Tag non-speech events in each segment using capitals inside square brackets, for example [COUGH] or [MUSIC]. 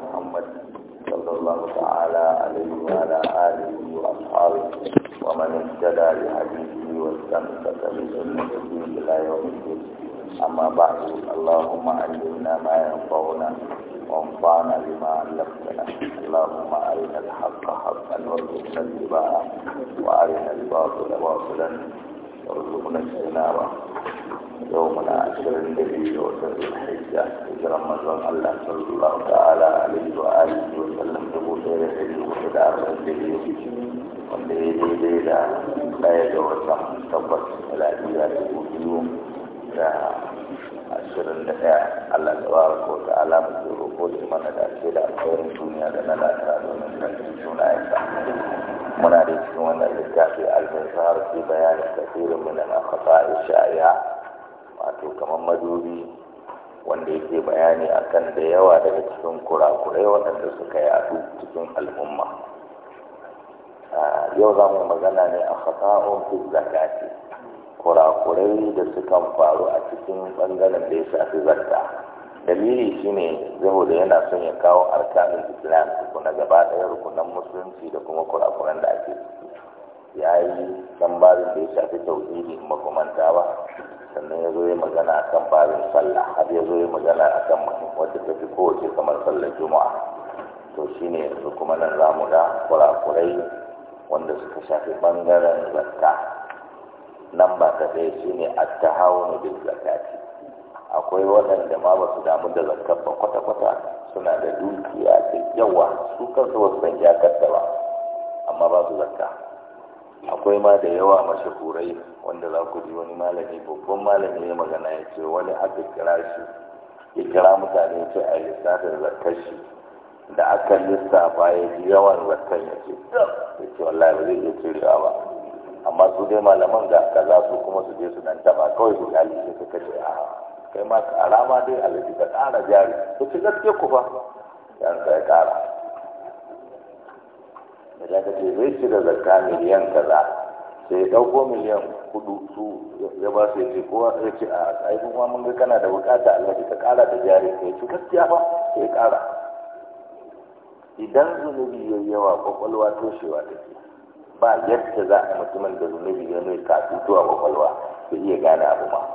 محمد صلى الله تعالى عليه وعلى آله وأصحابه ومن اهتدى بهديه واستمسك بسنته إلى يوم الدين أما بعد اللهم علمنا ما ينفعنا وانفعنا بما علمتنا اللهم أرنا الحق حقا وارزقنا اتباعه وأرنا الباطل باطلا وارزقنا اجتنابه يومنا عشرين دليل وسر الحجة هجرة مزرم الله صلى الله تعالى عليه وآله وسلم تقول سير الحج وحد عشر دليل والليل ليلة لا يتوسع تبت ولا إلى تقول da ashirin da ɗaya Allah da wa ko ta ala mu ke roƙo da mana da ce da alƙawarin duniya da na lafiya domin kan sunayensa muna da cikin wannan littafi al-mizhar fi bayanin kafirin min al a shay'a wato kamar madubi wanda yake bayani akan da yawa daga cikin kurakurai waɗanda suka yadu cikin al'umma yau za mu magana ne a fasahun fi zakati kurakurai da suka faru a cikin ɓangaren da ya shafi zakka dalili shine saboda yana son ya kawo arkanin islam na gaba ɗaya rukunan musulunci da kuma kurakuran da ake ciki ya yi can babin da ya shafi tauhidi in makamanta ba sannan ya zo yi magana kan babin sallah har ya zo ya magana kan wadda ta fi kowace kamar sallar juma'a to shine yanzu kuma nan za mu ga kurakurai wanda suka shafi bangaren zakka nan ba ta ɗaya shine at-tahawunu bil zakati akwai waɗanda ma ba su damu da zakar ba kwata-kwata suna da dukiya da yawa su kansu wasu ban jakarta ba amma ba su zakka akwai ma da yawa mashahurai wanda za ku ji wani malami babban malami ya magana ya ce wani aka kira shi ya kira mutane ya ce a lissafin zakar shi da aka lissafa ya ji yawan zakar ya ce ya ce wallahi ba zai iya cirewa ba amma su dai malaman ga kaza su kuma su je su dan taba kawai su gali sai suka ce a kai ma ka alama dai alaji ka ƙara jari ko ci gaske ku fa yan sai ƙara da ya ka ce zai ci da zakka miliyan kaza sai ya ɗauko miliyan hudu su ya ba su ya ce kowa sai ce a aibin wa mun ga kana da bukata Allah ka ƙara da jari ka ci gaskiya fa sai ƙara idan zunubi ya yawa kwakwalwa toshewa take ba yadda za a mutumin da zunubi ya mai kafin zuwa kwakwalwa ya iya gane abu ma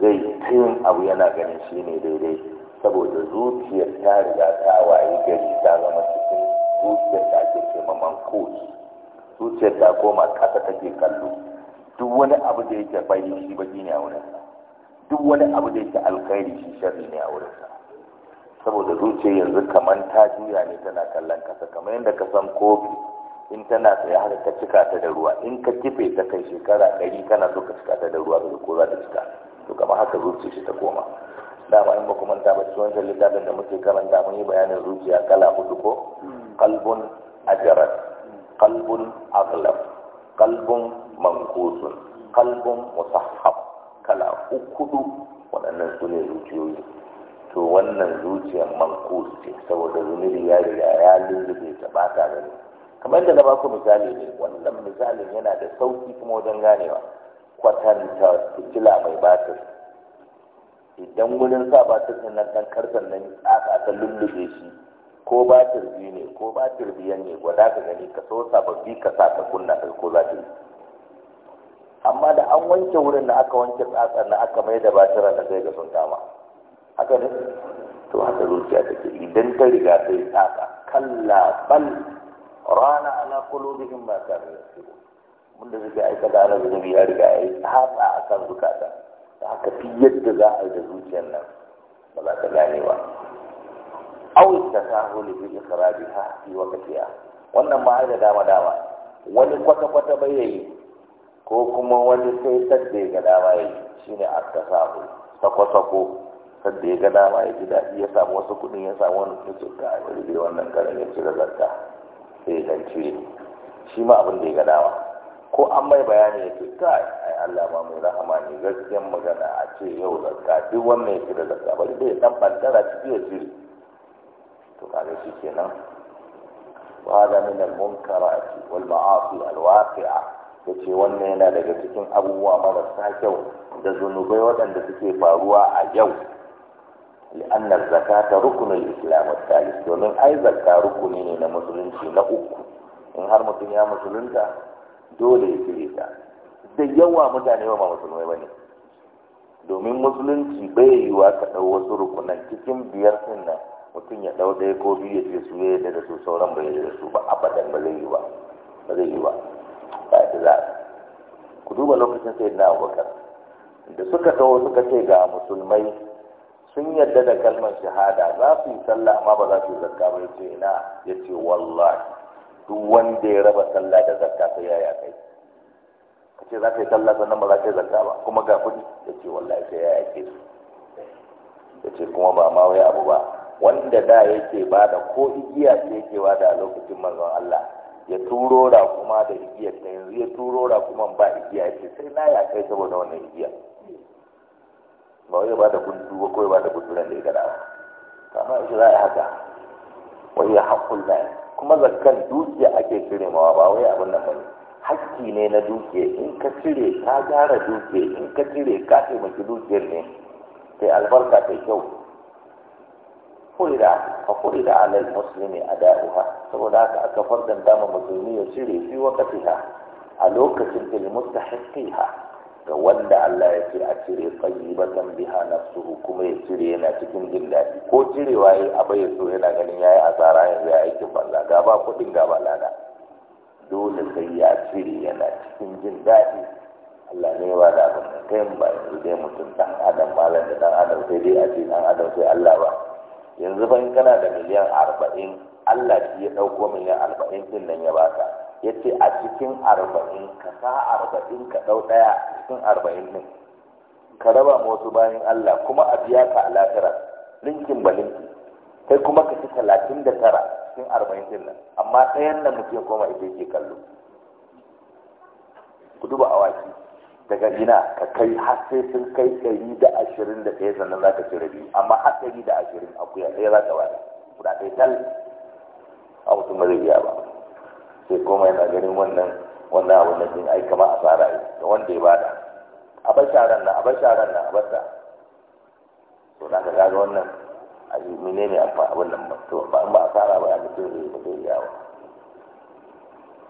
zai yin abu yana ganin shi ne daidai saboda zuciyar ta riga ta waye gari ta zama cikin zuciyar da ake ce maman zuciyar ta koma ƙasa take kallo duk wani abu da yake bai shi baki ne a wurinsa duk wani abu da yake alkhairi shi sharri ne a wurinsa saboda zuciyar yanzu kamar ta juya ne tana kallon kasa kamar yadda ka san kofi in tana tsaye har ka cika ta da ruwa in ka kife ta kai shekara ɗari kana so ka cika ta da ruwa ko za ta cika to kama haka zuciya shi ta koma dama in ba kuma manta ba cikin wancan littafin da muke karanta mun yi bayanin zuciya kala hudu ko kalbun ajarat kalbun aglab kalbun mankusun kalbun musahab, kala hudu waɗannan su ne zuciyoyi to wannan zuciyar mankus saboda zunubi ya riga ya lullube ta ba ta gani kamar da na ba ku misali ne wannan misalin yana da sauki kuma wajen ganewa kwatanta fitila mai batir idan wurin sa batir ɗin nan ɗan karsan nan tsaka ta lullube shi ko batir biyu ne ko batir biyan ne gwada ka gani ka so sababbi ka sa ka kunna ka ko za ta yi amma da an wanke wurin da aka wanke tsatsan na aka mai da batira na zai ga sun kama haka ne to haka zuciya take idan ta riga ta yi tsaka kalla bal rana ala qulubihim ma kanu yasirun mun da zuke aika da Allah zubi, ya riga haɗa a kan zukata da haka fi yadda za a yi da zuciyar nan ba za ta gane ba aw tasahul bi ikhrajiha fi waqtiha wannan ma da dama dama wani kwata kwata bai yi, ko kuma wani sai sadda ga dama yayi shine at-tasahul sako sako sadda ga dama ji da ya samu wasu kuɗin ya samu wani kace ka wani wannan karan ya ci da zarta. sai dan cire shi ma abin da ya ga dawa. ko an mai bayani ya ce a ai Allah ma mai rahama ne gaskiyar magana a ce yau zakka duk wannan ya kira zakka bari ya dan bantara ciki ya cire to kaga shi kenan وهذا من المنكرات والمعاصي الواقعة yace wannan yana daga cikin abubuwa marasa kyau da zunubai waɗanda suke faruwa a yau لأن الزكاة ركن الإسلام الثالث ومن أي زكاة musulunci na uku, in إن mutum ya مسلم dole ya cire ta da yawa mutane ba musulmai bane domin musulunci bai wa ka ɗau wasu rukunan cikin biyar sun mutum ya ɗau ɗaya ko biyu ya ce su ne da su sauran bai da su ba abadan ba zai yi ba ba zai yi ba ba da za ku duba lokacin sai na abubakar da suka taho suka ce ga musulmai sun yarda da kalmar shahada za su yi sallah amma ba za su yi zakka ba yace ina yace wallahi duk wanda ya raba sallah da zakka sai yaya kai kai kace za ka yi sallah sannan ba za ka yi zakka ba kuma ga ya yace wallahi sai yaya ke su yace kuma ba ma wai abu ba wanda da yake bada ko igiya ce yake bada a lokacin manzon Allah ya turo da kuma da igiyar ta yanzu ya turo da kuma ba igiya yace sai na ya kai saboda wannan igiyar ba wai ba da gundu ba kawai ba da gundu nan da ya gada ba amma shi za a haka wai ya haƙƙul na kuma zakkan dukiya ake cire mawa ba wai abin nan bane hakki ne na dukiya in ka cire ka gyara dukiya in ka cire ka taimaki dukiyar ne sai albarka ta kyau a fa alal musulmi a da'uha, saboda haka aka fardanta ma musulmi ya cire wa waqtiha a lokacin da ha. ga wanda Allah ya ce a cire ba tayyibatan biha su kuma ya cire yana cikin jin daɗi ko cirewa ya aba ya so yana ganin ya yi asara yanzu ya aikin banza ga ba kuɗin ga ba lada dole sai ya cire yana cikin jin daɗi Allah ne ba da abin kai ba yanzu dai mutum dan adam malam da dan adam sai dai a ce dan adam sai Allah ba yanzu ban kana da miliyan arba'in Allah shi ya ɗauko miliyan arba'in din nan ya baka ya ce a cikin arba'in ka sa arba'in ka ɗau ɗaya cikin arba'in ne ka raba wasu bayan Allah kuma a biya ka a lafira linkin ba linki kai kuma ka ci talatin da tara cikin arba'in ɗin nan amma ɗayan nan mutum koma ita yake kallo ku duba awaki daga ina ka kai har sai sun kai ɗari da ashirin da ɗaya sannan za ka ci rabi amma har ɗari da ashirin akuya ɗaya za ka wani guda ɗaya tal a mutum ba zai iya ba sai koma yana ganin wannan wannan abu na jin ai kama a tsara yi da wanda ya bada a bar sharan nan a bar sharan nan a bar ta to da ka gaga wannan a yi mene ne amfani abin nan ba to ba in ba a tsara ba ya ga sai zai zai yawa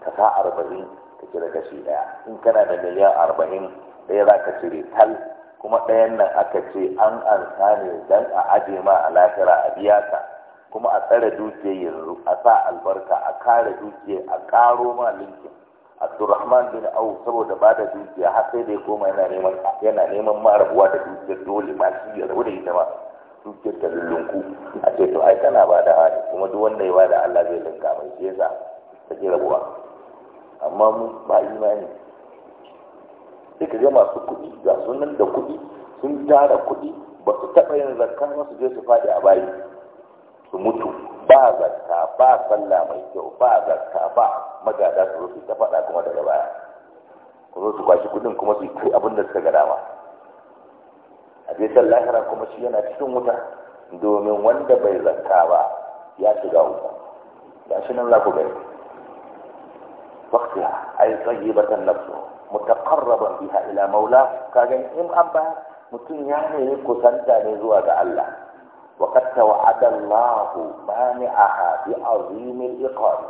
ka sa arba'in ka kira kashi daya in kana da miliyan arba'in ɗaya za ka cire tal kuma ɗayan nan aka ce an ansa ne don a aje ma a lafira a biya ka kuma a tsare dukiyar yanzu a sa albarka a kare dukiyar a karo ma linkin abdurrahman bin au saboda ba da dukiya har sai da ya koma yana neman yana neman marabuwa da dukiyar dole ma shi ya rabu da ita ma dukiyar ta lullunku a ce to ai kana ba da hali kuma duk wanda ya ba da Allah zai linka mai shi yasa ta ke rabuwa amma mu ba imani sai ka ga masu kuɗi ga sunan da kuɗi sun tara kuɗi ba su taɓa yin zakka su je su faɗi a bayi su mutu ba zakka ba sallah mai kyau ba zakka ba magada su zo ta faɗa kuma daga baya ku zo su kwashi kuɗin kuma su kai abin da suka ga dama a je lahira kuma shi yana cikin wuta domin wanda bai zakka ba ya shiga wuta ga shi nan za ku gani waqtiha ay tayyibatan nafsu mutaqarraban biha ila maula kagan in an ba mutum ya ne kusanta ne zuwa ga Allah وقد توعد الله مانعها بعظيم الإقامة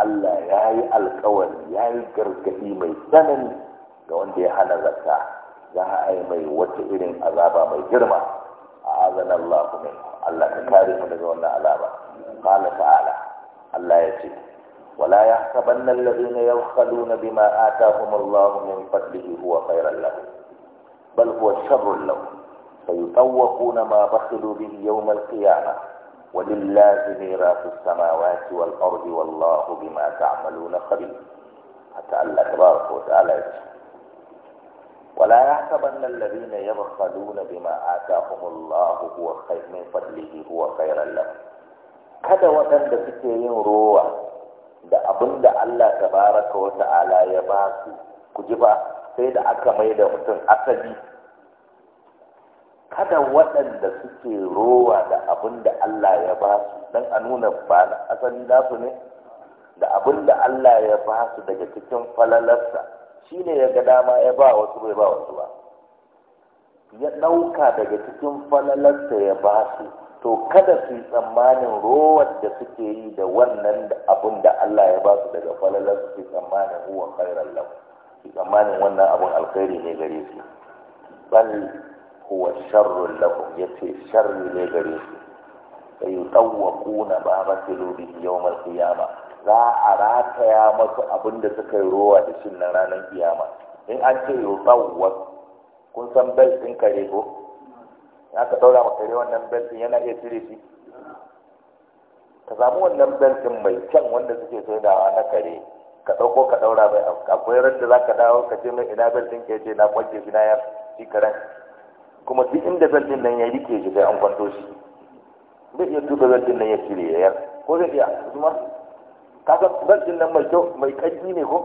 ألا ياي الكون ياي كركتي مي سنن لون دي حنا زكا زها أي مي وتئرين أذابا مي جرما أعاذنا الله منه ألا تكاري من دون أذابا قال تعالى ألا يتي ولا يحسبن الذين يبخلون بما آتاهم الله من فضله هو خيرا لهم بل هو شر لهم سيطوقون ما بخلوا به يوم القيامة ولله ميراث السماوات والأرض والله بما تعملون خبير حتى الله تبارك وتعالى ولا يحسبن الذين يبخلون بما آتاهم الله هو خير من فضله هو خيرا لهم kada waɗanda suke yin rowa da abin da Allah tabaraka wa ta'ala ya ba su ku ji ba sai da aka mai da mutum asali kada waɗanda suke rowa da abin da Allah ya ba su don a nuna ba na asali su ne da abin da Allah ya ba su daga cikin falalarsa shi ne ya ga dama ya ba wasu bai ba wasu ba ya ɗauka daga cikin falalarsa ya ba su to kada su yi tsammanin rowar da suke yi da wannan da abin da Allah ya ba su daga falalarsa su tsammanin huwa kairar lau, su tsammanin wannan abin alkhairi ne gare su bal huwa sharrun lahum yace sharri ne gare su sai yutawwaquna ba ba tilubi yawmal qiyama za a rataya masu abin da suka yi rowa da shi na ranar kiyama in an ce yutawwaq kun san bel din kare ko ya ka daura ma kare wannan bel din yana iya cire shi ka samu wannan bel din mai kyan wanda suke saidawa na kare ka dauko ka daura mai akwai randa za ka dawo ka ce mai ina bel din ke ce na kwanke shi na yar shi karen kuma duk inda zartin nan ya rike shi sai an kwanto shi zai iya tuka zartin nan ya cire ya yar ko zai iya kuma kaga zartin nan mai kyau mai ƙarfi ne ko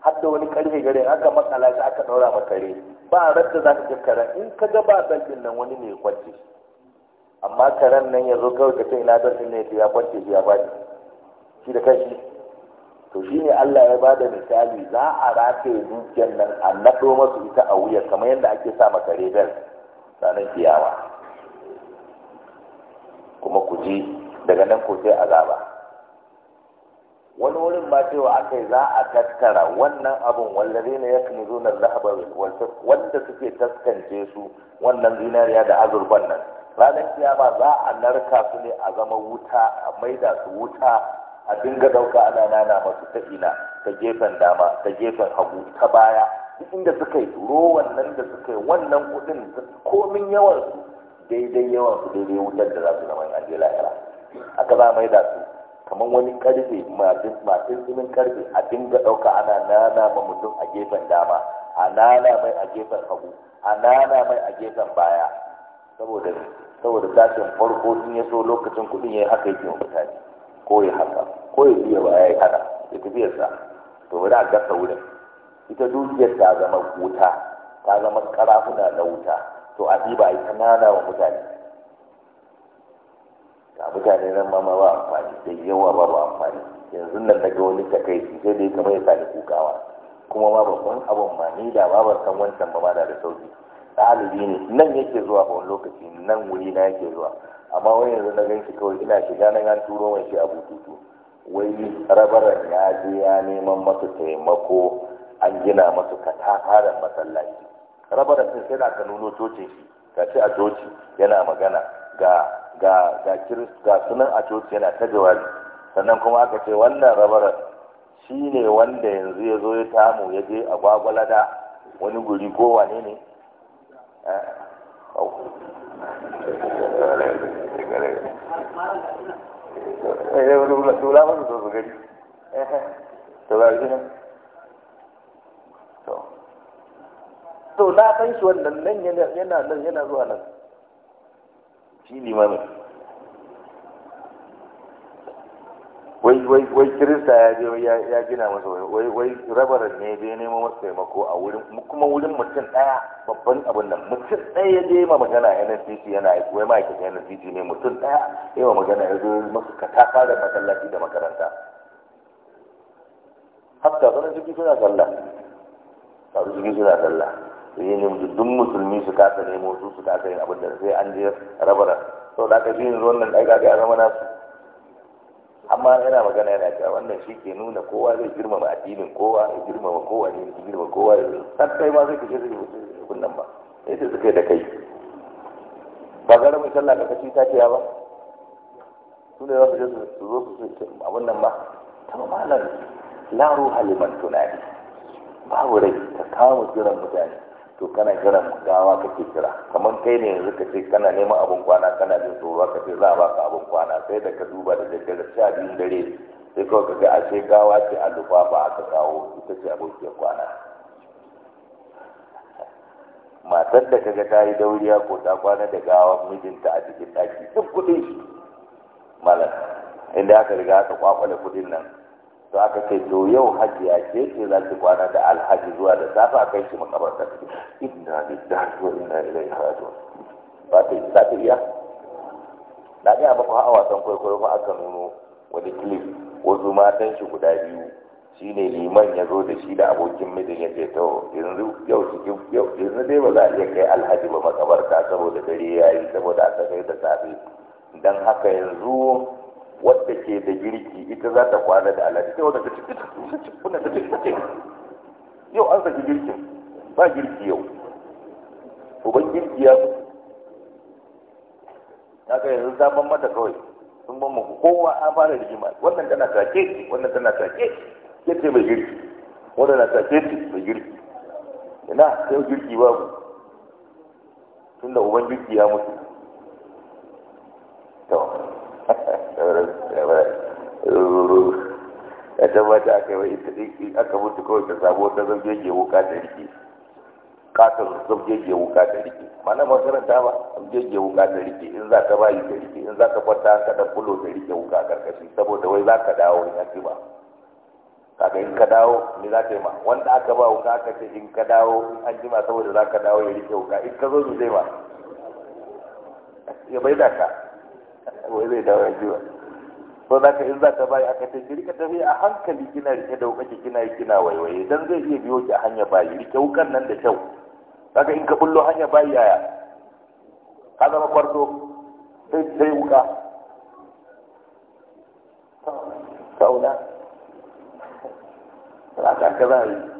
har da wani ƙarfe gare aka matsala shi aka ɗaura ma kare ba da za ka kakkara in ka ga ba zartin nan wani ne ya kwance amma karen nan ya zo kawai ka ce ina zartin ne ya kwance shi ya bani shi da kanshi to shi ne Allah ya bada misali za a rataye dukiyar nan a naɗo masu ita a wuya kamar yadda ake sa maka rebel ranar kiyawa kuma ku ji daga nan ko sai azaba wani wurin ma cewa yi za a tattara wannan abun wallare ne ya zo na wanda suke taskance su wannan zinariya da azurban nan ranar kiyama za a narka su ne a zama wuta a maida su wuta a dinga dauka ana nana masu ta ina ta gefen dama ta gefen hagu ta baya inda suka yi turo nan da suka yi wannan kuɗin komin yawan su daidai yawan su daidai wutar da za su zama an je yara. aka za mai da su kamar wani karfe masu tsinin karfe a dinga ɗauka ana nana ma mutum a gefen dama a nana mai a gefen hagu a nana mai a gefen baya saboda saboda farko in ya so lokacin kuɗin ya yi haka yake mutane ko ya haka ko ya biya baya ya hana ya tafiyarsa to wani a gasa wurin ita dukiyar ta zama wuta ta zama karafuna na wuta to a ɗiba a ita nana wa mutane ga mutane nan ma ma ba amfani da yawa ba ba amfani yanzu nan na ga wani takaici sai dai kamar ya sani kukawa kuma ma babban abin ma ni da ba ba san wancan ba da da sauki ɗalibi ne nan yake zuwa a wani lokaci nan wuri na yake zuwa amma wani yanzu na gan shi kawai ina shiga na an turo mai shi a bututu wai rabaran ya je ya neman masa taimako an gina masu katafaren masallaci raba da sai na ka nuno cocin ka ce a coci yana magana ga ga sunan a coci yana ta jawabi sannan kuma aka ce wannan rabar shi ne wanda yanzu ya zo ya tamu ya je a gwagwala da wani guri ko wane ne to na san shi wannan nan yana nan yana zuwa nan shi limamin wai wai wai kirista ya je ya gina masa wai wai rabar ne ya nemo masa taimako a wurin kuma wurin mutum daya babban abin nan mutum daya ya je ma magana NNCC yana aiki wai ma'aikatan NNCC ne mutum daya ya ma magana ya zo masa kataka da masallaci da makaranta hatta sanin ciki suna sallah ka su suna sallah sai yi nemi duk musulmi su kasa nemo su su kasa yin abin da sai an je rabara sau da aka shi nan wannan aka ga zama nasu amma yana magana yana cewa wannan shi ke nuna kowa zai girmama addinin kowa ya girmama kowa ne ya girmama kowa ya san kai ma zai kashe su mutum nan ba sai sai suka da kai ba gara mai sallah ka kashi ta ba su ne za su je su zo su abin nan ba ta malam la ruha liman tunani babu rai ka kama jiran mutane to kana jiran gawa kake kira kamar kai ne yanzu ka ce kana neman abin kwana kana jin tsoro ka ce za a baka abin kwana sai da ka duba da daddare sha biyun dare sai kawai ka ga ashe gawa ce a lufafa aka kawo ita ce abokiyar kwana matar da kaga ta yi dauriya ko ta kwana da gawa mijinta a cikin daki duk kuɗin shi malam inda aka riga aka kwakwale kuɗin nan to aka kai to yau ya ce ce za su kwana da alhaji zuwa da safa a kai shi makabarta inna lillahi wa inna ilaihi raji'un ba ta yi za ta iya na ga ba ku a wasan kwaikwayo ba aka nuno wani clip wasu matan shi guda biyu shine liman ya zo da shi da abokin mijin ya ce to yanzu yau cikin yau yanzu dai ba za a iya kai alhaji ba makabarta saboda dare ya yi saboda aka kai da safe dan haka yanzu wadda ke da girki ita za ta kwana da alaji sai wadda ta ci cikin ta ci cikin yau an saki girkin ba girki yau uban girki ya ta kai yanzu zaman mata kawai sun ban muku kowa an fara rigima wannan tana sake, wannan tana sake. ke ce mai girki wannan na sake ki mai girki ina sai girki babu tunda uban girki ya mutu to ya tabbata aka yi ita aka mutu kawai ta samu wata zabjeje wuka da rike katon zabjeje wuka da rike mana makaranta ba zabjeje wuka da rike in za ka bayi da rike in za ka kwanta ka da kulo da rike wuka a karkashi saboda wai za ka dawo in ake ba kaga in ka dawo me za ka yi ma wanda aka ba wuka aka ce in ka dawo in an jima saboda za ka dawo ya rike wuka in ka zo me zai ma ya bai da ka wai zai dawo ya jiwa ko za ka in za ka bayi aka tafi? rika tafi a hankali kina rike da wuka kina kina waiwaye dan zai iya biyo ki a hanya bayi rike wukan nan da kyau kaga in ka bullo hanya bayi yaya ka zama kwarto sai sai wuka sauna ka za yi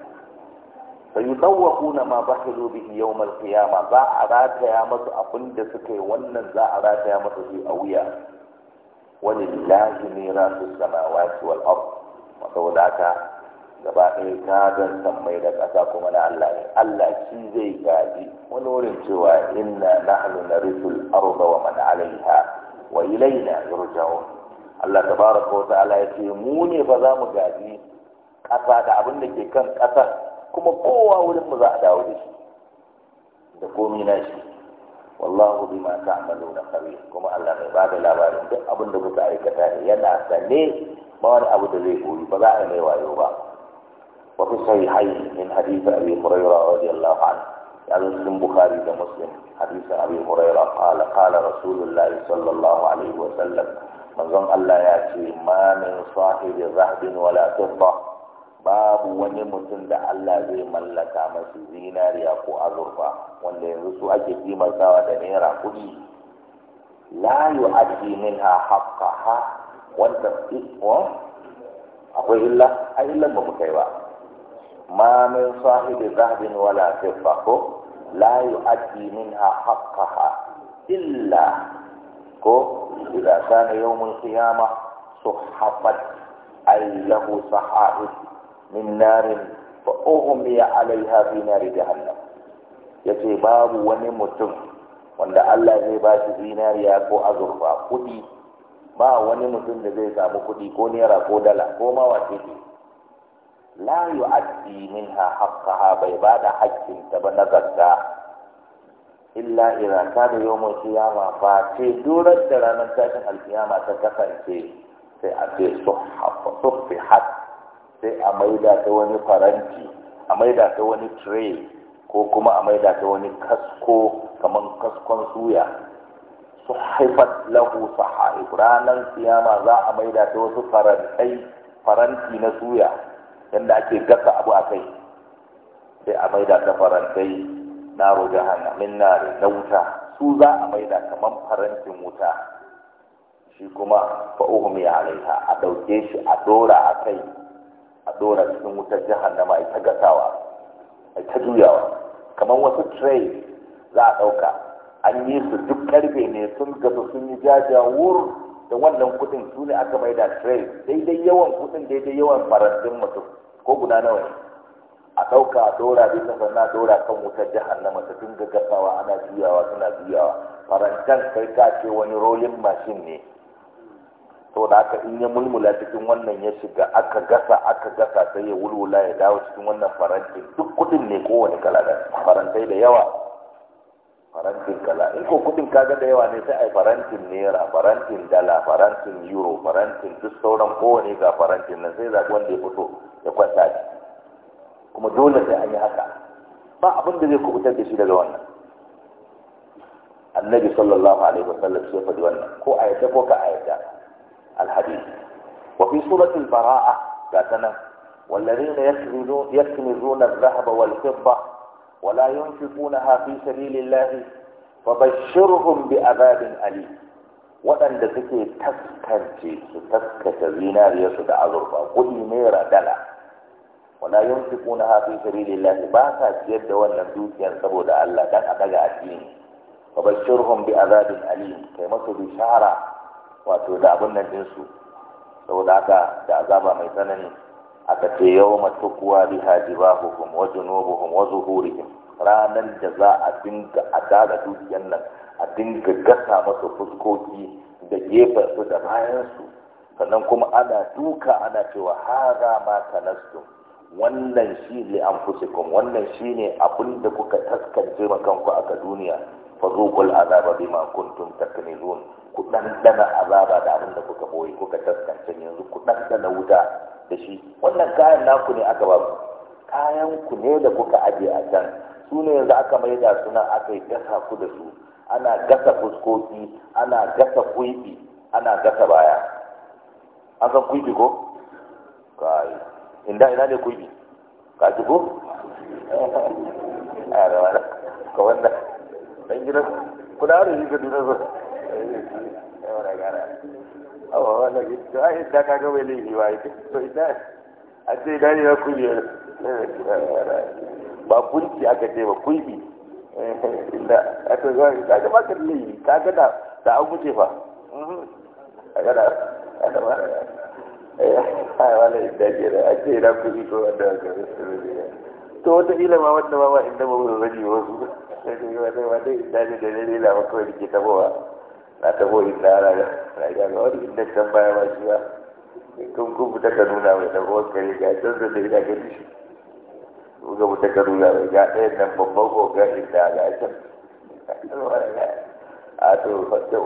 fayudawwaquna ma bahilu bihi yawm al-qiyama za a rataya masu abin da suka yi wannan za a rataya masu shi a wuya walillahi mirasu samawati wal ard saboda haka gaba ɗaya gadon sammai da ƙasa kuma na Allah ne Allah shi zai gaji wani wurin cewa inna nahnu narithul arda wa man alaiha wa ilaina yurja'un Allah tabaraka wa ta'ala ya mu ne ba za mu gaji ƙasa da abin da ke kan ƙasar kuma kowa wurin mu za a dawo da shi da komi na shi wallahu bima ta'maluna khabir kuma Allah mai bada labarin duk abin da kuka aikata ne yana sane ba wani abu da zai koyi ba za a mai wayo ba wa fi sahihain min hadith abi hurairah radiyallahu anhu ya zo cikin bukhari da muslim hadisin abi hurairah qala qala rasulullahi sallallahu alaihi wa sallam manzon Allah ya ce ma min sahibi zahabin wala fiddah babu wani mutum da Allah zai mallaka masu zinariya ko azurfa wanda yanzu su ake kimantawa da naira kuɗi la addi minha haqqaha wanda wa akwai illa ai illan ba mu kai ba ma min sahibi zahabin wala fiffa ko la addi minha haqqaha illa ko idza kana yawmul qiyamah suhafat ay lahu sahaib min narin fa ughmiya alaiha fi nari jahannam yace babu wani mutum wanda Allah zai ba shi zinariya ko azurfa kudi ba wani mutum da zai samu kudi ko naira ko dala ko ma wace ce la yu'addi minha haqqaha bai ba da haƙƙin ta ba na zakka illa idza kana yawmul kiyama fa ce durar da ranar tashin alkiyama ta kasance sai a ce fi suhfihat sai a maida ta wani faranti a maida ta wani tray ko kuma a maida ta wani kasko kamar kaskon suya su haifar lahu sahai ranar siyama za a maida ta wasu farantai faranti na suya yadda ake gasa abu a kai sai a maida ta farantai na roja hana nare na wuta su za a maida kamar farantin wuta shi kuma fa'uhumi alaiha a ɗauke shi a ɗora a kai a dora cikin wutar jahannama ai ta gasawa ai ta juyawa kamar wasu tray za a ɗauka an yi su duk karfe ne sun gasa sun yi jaja wur da wannan kudin su ne aka mai da tray daidai yawan kudin daidai yawan farantin mutum ko guda nawa ne a ɗauka a ɗora bisa sannan ɗora kan wutar jahannama ta dinga gasawa ana juyawa suna juyawa farantan kai ka ce wani rolling machine ne to da aka in ya mulmula cikin wannan ya shiga aka gasa aka gasa sai ya wulwula ya dawo cikin wannan faranti duk kudin ne kowane kala da farantai da yawa farantin kala in ko kudin kaga da yawa ne sai ai farantin naira farantin dala farantin euro farantin duk sauran kowane ga farantin nan sai zaɓi wanda ya fito ya kwanta shi kuma dole sai an yi haka ba abin da zai kubutar da shi daga wannan annabi sallallahu alaihi wasallam sai faɗi wannan ko ayata ko ka ayata الحديث وفي سورة البراءة ذاتنا والذين يكمرون الذهب والفضة ولا ينفقونها في سبيل الله فبشرهم بأذاب أليم وأن تكي تسكن تسكت زينار يسد أذربا قدي ميرا دلا ولا ينفقونها في سبيل الله باسا جد والنبوك ينصبوا لألا دن أدقى الدين فبشرهم بأذاب أليم كما تبشارا wato da abin nan ɗinsu saboda haka da azaba mai tsanani aka ce yau matukuwa biha jibahuhum nobu hukum wajen hurikin ranar da za a dinga a dara dukiyan nan a dinga gasa masa fuskoki da gefen su da bayansu sannan kuma ana duka ana cewa hara ma kanastum wannan shi li anfusikum wannan shi ne abin da kuka taskance ma kanku aka duniya fazuqul azaba bima kuntum taknizun ku dana azaba da abin da kuka boye kuka taskance yanzu ku dana wuta da shi wannan kayan naku ne aka ba ku kayan ku ne da kuka aje a can su ne yanzu aka maida suna aka yi gasa ku da su ana gasa fuskoki ana gasa kuibi ana gasa baya an san kuibi ko kai inda ina ne kuibi ka ji ko [LAUGHS] ka wannan dan gidan ku da arziki ga dunan zo yawa da awa wanda ke to a yadda ka ga ne laifi ba yake to ina a ce ina ne na ba kunci aka ce ba kulbi inda aka zo ka ga ba ka laifi ka ga da da an wuce fa a ga da a da ba eh, a yi wala inda ke da a ce kuli ko wanda ka ne to wata ila ma wanda ba ba inda ba mu rabi wasu inda ne da ne lela kawai na tabo inda ana rayuwa ga wani inda can baya ba shi ba kun kun fita ka nuna mai tabo ga can ga shi kun ga fita ka inda ga can a to fata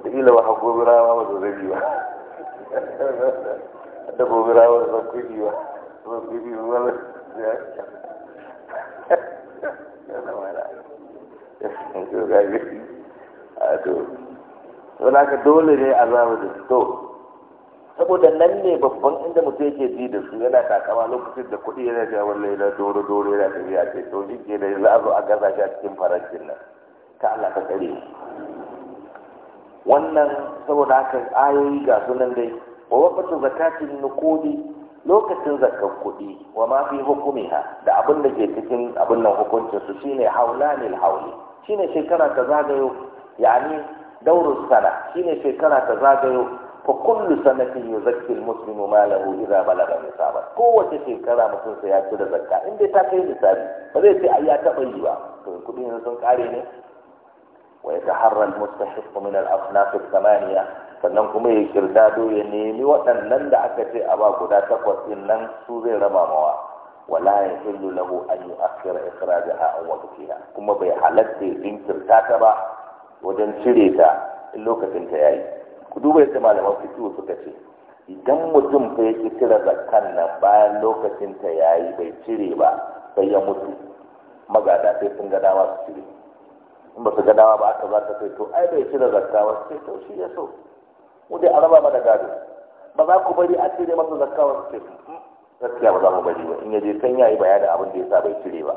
ina ina ba haƙo birawa ba ba da gobe rawar ba ba ya a dole ne a to saboda nan ne babban inda mutum yake ji da su yana kakama lokacin da kuɗi yana ga wani yana doro doro yana tafiya ce to shi ke da yanzu a zo a gaza shi a cikin farashin nan ta Allah ka tsare wannan saboda haka ayoyi ga sunan dai wa waqtu zakatin nuqudi lokacin zakar kuɗi wa ma fi hukumiha da abin da ke cikin abin nan hukuncin su shine haulanil hauli shine shekara ta zagayo yani dauru sana shine shekara ta zagayo fa kullu sanatin yuzakki almuslimu malahu idha balaga nisaba kowace shekara mutum sai ya ci da zakka in dai ta kai misali ba zai ce ai ya taba yi ba to kuɗi sun kare ne ويتحرى المستحق من الأصناف الثمانية sannan kuma ya kirdado ya nemi waɗannan da aka ce a ba guda takwas ɗin nan su zai raba mawa wala ya hillu lahu an yi ikhrajaha aw waqtiha kuma bai halatta ya dinkirta ta ba wajen cire ta in lokacin ta yayi ku duba yadda malaman fiqh suka ce idan mutum fa ya cire zakkan nan bayan lokacin ta yayi bai cire ba sai ya mutu magada sai sun ga dama su cire in ba su ga dawa ba aka za ta kai to ai bai cire da zakawa sai to shi ya so mu dai a raba mana gado ba za ku bari a cire masa zakawa ba sai hmm, gaskiya ba za mu bari ba in yaje kan yayi bayani abin da yasa bai cire ba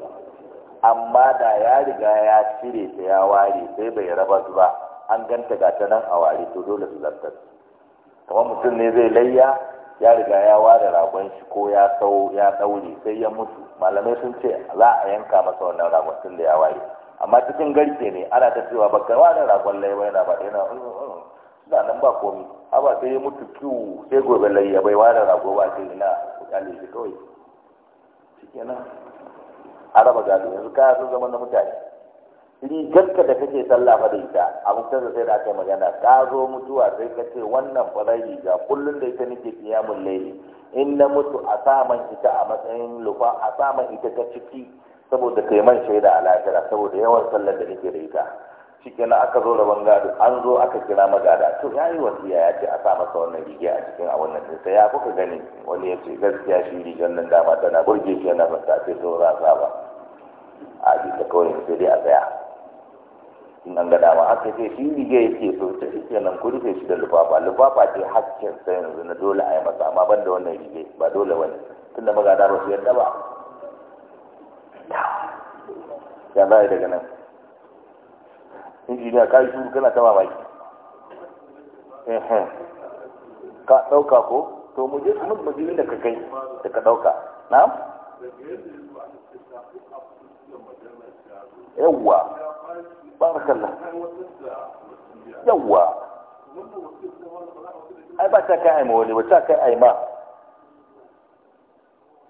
amma da ya riga ya cire ta ya ware sai bai raba su ba an ganta ga ta nan a ware to dole su zartar kamar mutum ne zai layya ya riga ya ware ragon shi ko ya sau ya daure sai ya mutu malamai sun ce za a yanka masa wannan ragon tun da ya ware amma cikin garke ne ana ta cewa bakar wa da ragon laiwa yana ba yana da mm, mm, mm. nan ba komi haba sai ya mutu kiwu sai gobe laiya bai wa da rago ba sai ina kudale shi kawai shikenan araba gado yanzu ka sun zama na mutane rigarka da kake sallah fa da ita a mutar sai da aka yi magana ka zo mutuwa sai ka ce wannan farar riga kullum da ita nake kiyamun laili in na mutu a saman ita a matsayin lufa a saman ita ta ciki saboda taiman shaida a lahira saboda yawan sallar da nake da ita cikin aka zo da gado an zo aka kira magada to ya yi wasiya ya ce a sa masa wannan rigiya a cikin a wannan ɗinsa ya kuka gani wani ya ce gaskiya shi rigiyar nan dama tana burge shi yana fasta sai to za sa ba a ji ta kawai sai dai a tsaya in an ga dama aka ce shi rigiyar ya ce so ta shi nan ku rufe shi da lufafa lufafa ce hakkin sa yanzu na dole a yi masa amma ban da wannan rigiyar ba dole wani tunda magada ba su yadda ba ya za yi daga nan injiniya ka yi shuru kana ta mamaki ka ɗauka ko to mu je mun mu je da ka kai da ka ɗauka na'am yawwa barakallah yawwa ai ba ta kai aima wani ba ta kai aima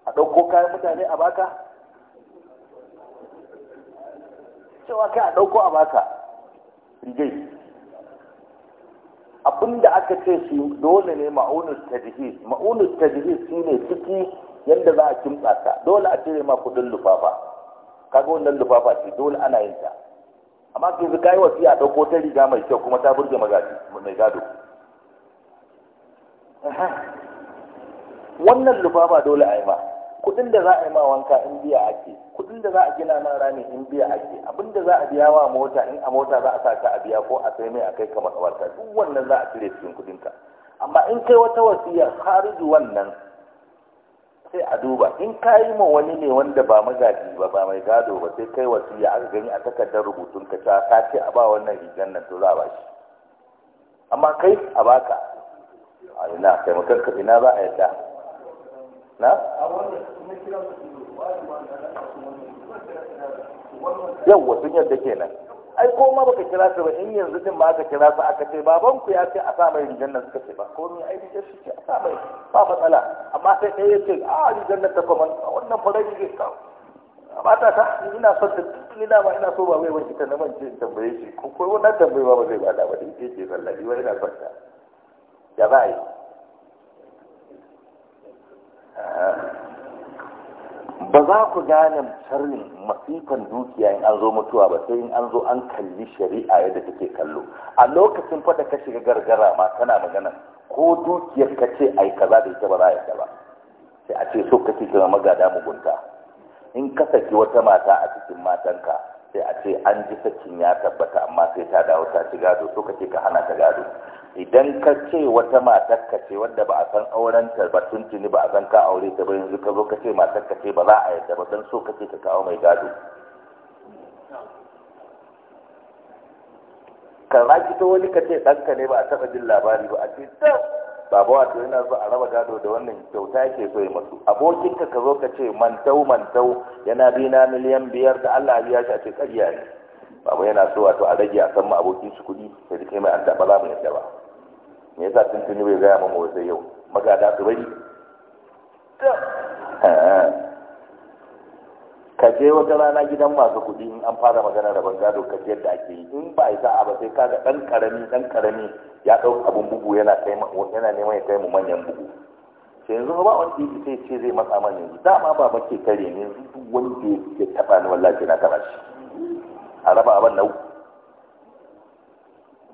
a ɗauko kayan mutane a baka cewa kai a ɗauko a baka rigai abinda aka ce shi dole ne ma'unus tajhis ma'unus tajhis shine ciki yadda za a kimtsa ta dole a cire ma kudin lufafa kaga wannan lufafa ce dole ana yin ta amma ke zuka kayi wasiya a ɗauko ta riga mai kyau kuma ta burge magaji mai gado wannan lufafa dole a yi ma kuɗin da za a yi ma wanka in biya ake kuɗin da za a gina ma rami in biya ake abin da za a biya wa mota in a mota za a sa ka a biya ko a sai mai a kai ka wata duk wannan za a cire cikin ka amma in kai wata wasiyar kharidu wannan sai a duba in ka yi ma wani ne wanda ba magaji ba ba mai gado ba sai kai wasiya aka gani a takardar rubutun ka ta ka ce a ba wannan rigar nan to za a baki amma kai a baka a ina kai mutum ina za a yadda na yawwa sun yadda kenan ai ko ma baka kira su ba in yanzu din ma aka kira su aka ce baban ku ya ce a sa mai rigar nan suka ce ba ko ni ai rigar shi ce a sa mai ba matsala amma sai ɗaya ya ce a ah, rigar nan ta kwaman wannan farai rigar ta amma ta ta ina son ta ina ma ina so ba mai wani ta na mance in tambaye shi ko ko wani tambaye ba ba zai da ba da ita ce sallabi wani na son ta ya za a yi ba za ku gane sarnin masifan dukiya in an zo mutuwa ba sai in an zo an kalli shari'a yadda take kallo a lokacin fada ka shiga gargara ma kana magana ko dukiyar ka ce ai kaza da ita ba za a ba sai a ce so kake kira magada mugunta in ka saki wata mata a cikin matanka sai a ce an ji sakin ya tabbata amma sai ta dawo ta ci gado so kace ka hana ta gado idan ka ce wata matar ka ce wanda ba a san auren ta ba tuntuni ba a san ka aure ta ba yanzu ka zo ka ce matar ka ce ba za a yarda ba dan so kace ka kawo mai gado ka raki ta wani ka ce ɗanka ne ba a taɓa jin labari ba a ce baba wato yana so a raba gado da wannan kyauta yake so ya masu Abokin ka zo ka ce mantau mantau yana bi na miliyan biyar da Allah ya shi a ce ƙarya ne babu yana so wato a rage a san ma abokin shi kuɗi sai da kai mai adda ba za mu yadda ba me yasa tuntuni bai gaya mu wasu yau magada su bari eh, eh. ka je wata rana gidan masu kuɗi in an fara magana da gado ka je yadda ake yi in ba a yi sa'a ba sai kaga ɗan ƙarami ɗan ƙarami ya ɗau abun bugu yana yana neman ya kai mu manyan bugu sai yanzu ba wani ɗin sai ce zai matsa man yanzu dama ba ke kare ne yanzu wanda ya taɓa ni wallahi na shi a raba abin nau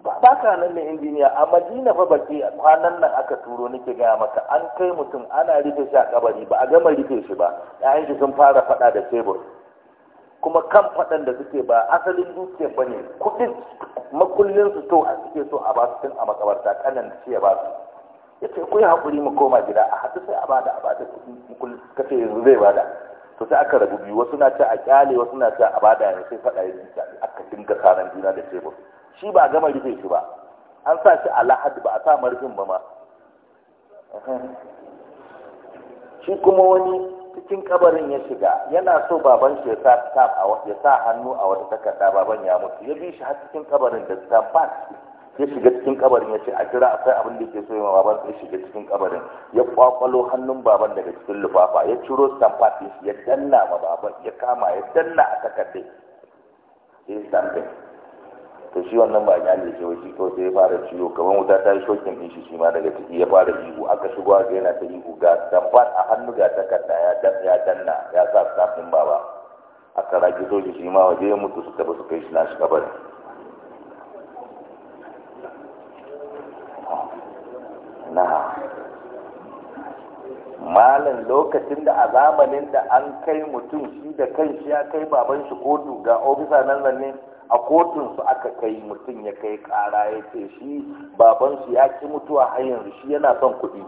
ba ka nan ne injiniya a madina fa baki kwanan nan aka turo nake gaya maka an kai mutum ana rufe shi a kabari ba a gama rufe shi ba yayin shi sun fara faɗa da tebur kuma kan faɗan da suke ba asalin dukiyar ba ne kuɗin makullin su to a suke so a basu tun a makabarta kanan da suke ba basu ya ce ku yi haƙuri mu koma gida a haɗu sai a bada a bada kuɗin kace yanzu zai bada to sai aka rabu biyu wasu na ta a kyale wasu na ta a bada yanzu sai faɗa ya aka dinga karan juna da tebur shi ba gama rufe shi ba an sa shi a lahadi ba a sa marfin ba ma [LAUGHS] shi kuma wani cikin kabarin ya shiga yana so baban shi ya sa hannu a wata takarda baban ya mutu ya bi shi har cikin kabarin da tabbat ya shiga cikin kabarin ya ce a jira akwai abin da ke so ya baban ya shiga cikin kabarin ya kwakwalo hannun baban daga cikin lufafa ya ciro stampat ya danna ma baban ya kama ya danna a takardai ya yi stampin to shi wannan ba ya ne shi ko sai ya fara ciwo kamar wuta ta yi shokin din shi shi ma daga ciki ya fara ihu aka shigo aka yana ta ihu ga tamfat a hannu ga takarda ya danna ya sa safin baba aka rage soji shi ma waje ya mutu suka ba su kai shi nashi kabar na malam lokacin da a zamanin da an kai mutum shi da kai shi ya kai baban shi kotu ga ofisa nan zanne a kotun su aka kai mutum ya kai kara ya ce shi babansu ya ki mutuwa har yanzu shi yana son kuɗi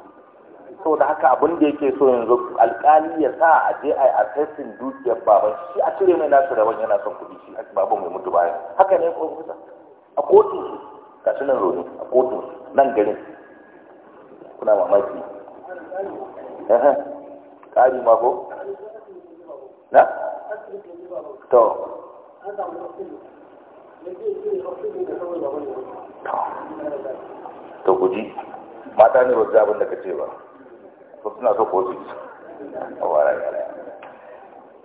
so da haka abin da yake so yanzu alkali ya sa a je a yi assessin dukiyar baban shi a cire mai nasu daban yana son kuɗi shi baban mai mutu bayan haka ne ko kusa a kotun su ga shi nan roni a kotun su nan garin kuna mamaki ƙari ma ko na to to guji mata ne ba su abin da ka ce ba su suna so ko su a wara yara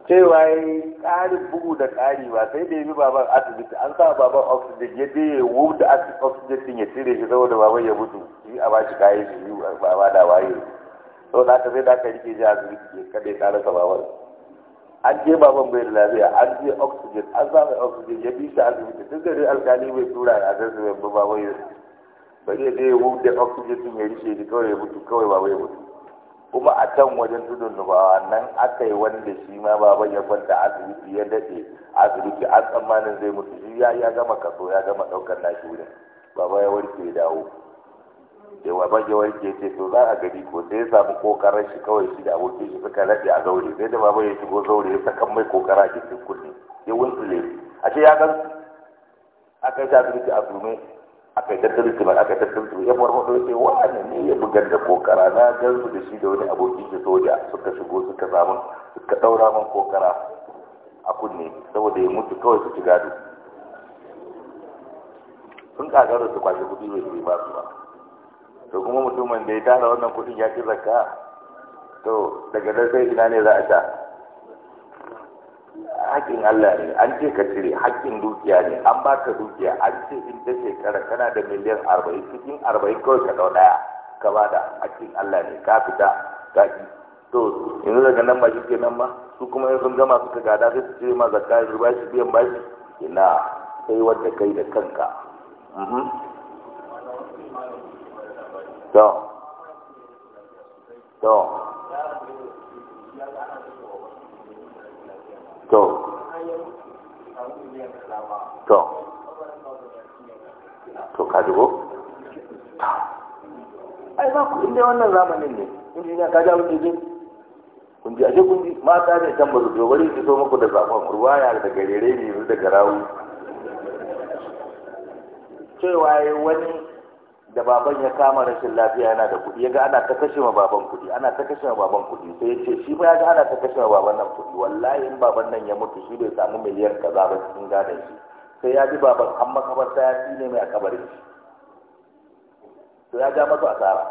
cewa ya yi ƙarin bugu da ƙari ba sai da ya bi baban asibiti an sa baban oxygen ya je ya wuda oxygen ya cire shi saboda baban ya mutu shi a ba shi kayan shi yi ba da waye na ta sai da aka rike ji asibiti kada ya ƙarasa baban an je baban bai da lafiya an je oxygen an samu oxygen ya bi shi asibiti duk da alkali mai tura a adar su bai ba wai bari ya je da oxygen din ya rike shi kawai ya mutu kawai ba ya mutu kuma a can wajen tudun nubawa nan aka yi wanda shi ma baban ya kwanta asibiti ya daɗe asibiti an tsammanin zai mutu shi ya gama kaso ya gama ɗaukar nashi wurin baba ya warke ya dawo wa wani ke ce to za a gani ko sai ya samu kokarar shi kawai shi da abokin shi suka rade a zaure sai da baba ya shigo zaure ya saka mai kokara a jikin kunne ya ne a ce ya gan aka ta turki a tume a kai ta turki ba aka kai ta turki ya bar sai ce wa ne ya bugar da kokara na gan su da shi da wani abokin shi soja suka shigo suka samu suka daura min kokara a kunne saboda ya mutu kawai su ci gado sun kagarar su kwashe kuɗi mai ba su ba to kuma mutumin da ya tara wannan kudin ya ci zakka to daga nan sai ina ne za a sha hakkin Allah ne an ce ka cire hakkin dukiya ne an baka dukiya an ce in ta shekara kana da miliyan arba'in cikin arba'in kawai ka dau daya ka ba da hakkin Allah ne ka fita ka to yanzu daga nan ba shi nan ma su kuma sun gama suka gada sai su ce ma zakka ya ba shi biyan bashi ina sai wanda kai da kanka mhm. to to to to to ka dubo ai ba ku inda wannan zamanin ne kun ji ka da kun ji aje kun ji mata ne can ba su so muku da zafon ruwaya da garere ne da garawu cewa wani da baban ya kama rashin lafiya yana da kuɗi ya ga ana ta kashe ma baban kuɗi ana ta kashe ma baban kuɗi sai ya ce shi ba ya ga ana ta kashe ma baban nan kuɗi wallahi in baban nan ya mutu shi bai samu miliyan kaza ba cikin gadon shi sai ya ji baban an makabarta ya fi ne mai a kabarin shi to ya ja masa asara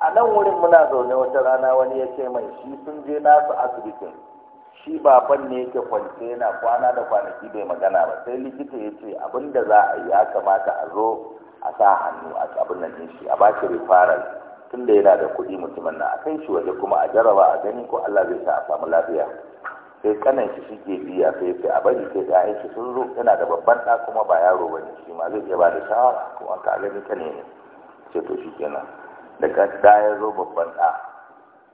a nan wurin muna zaune wata rana wani ya ce mai shi sun je nasu asibitin shi baban ne yake kwance yana kwana da kwanaki bai magana ba sai likita ya ce abin da za a yi ya kamata a zo a sa hannu a abin nan din shi a ba shi referral tun da yana da kuɗi mutumin nan a kai shi waje kuma a jaraba, a gani ko Allah zai sa a samu lafiya sai kanan shi shike biya sai sai a bari sai da shi sun zo yana da babban ɗa kuma ba yaro ba ne shi ma zai iya ba da shawara kuma ka gani ka ne ne to shi kenan daga da ya zo babban ɗa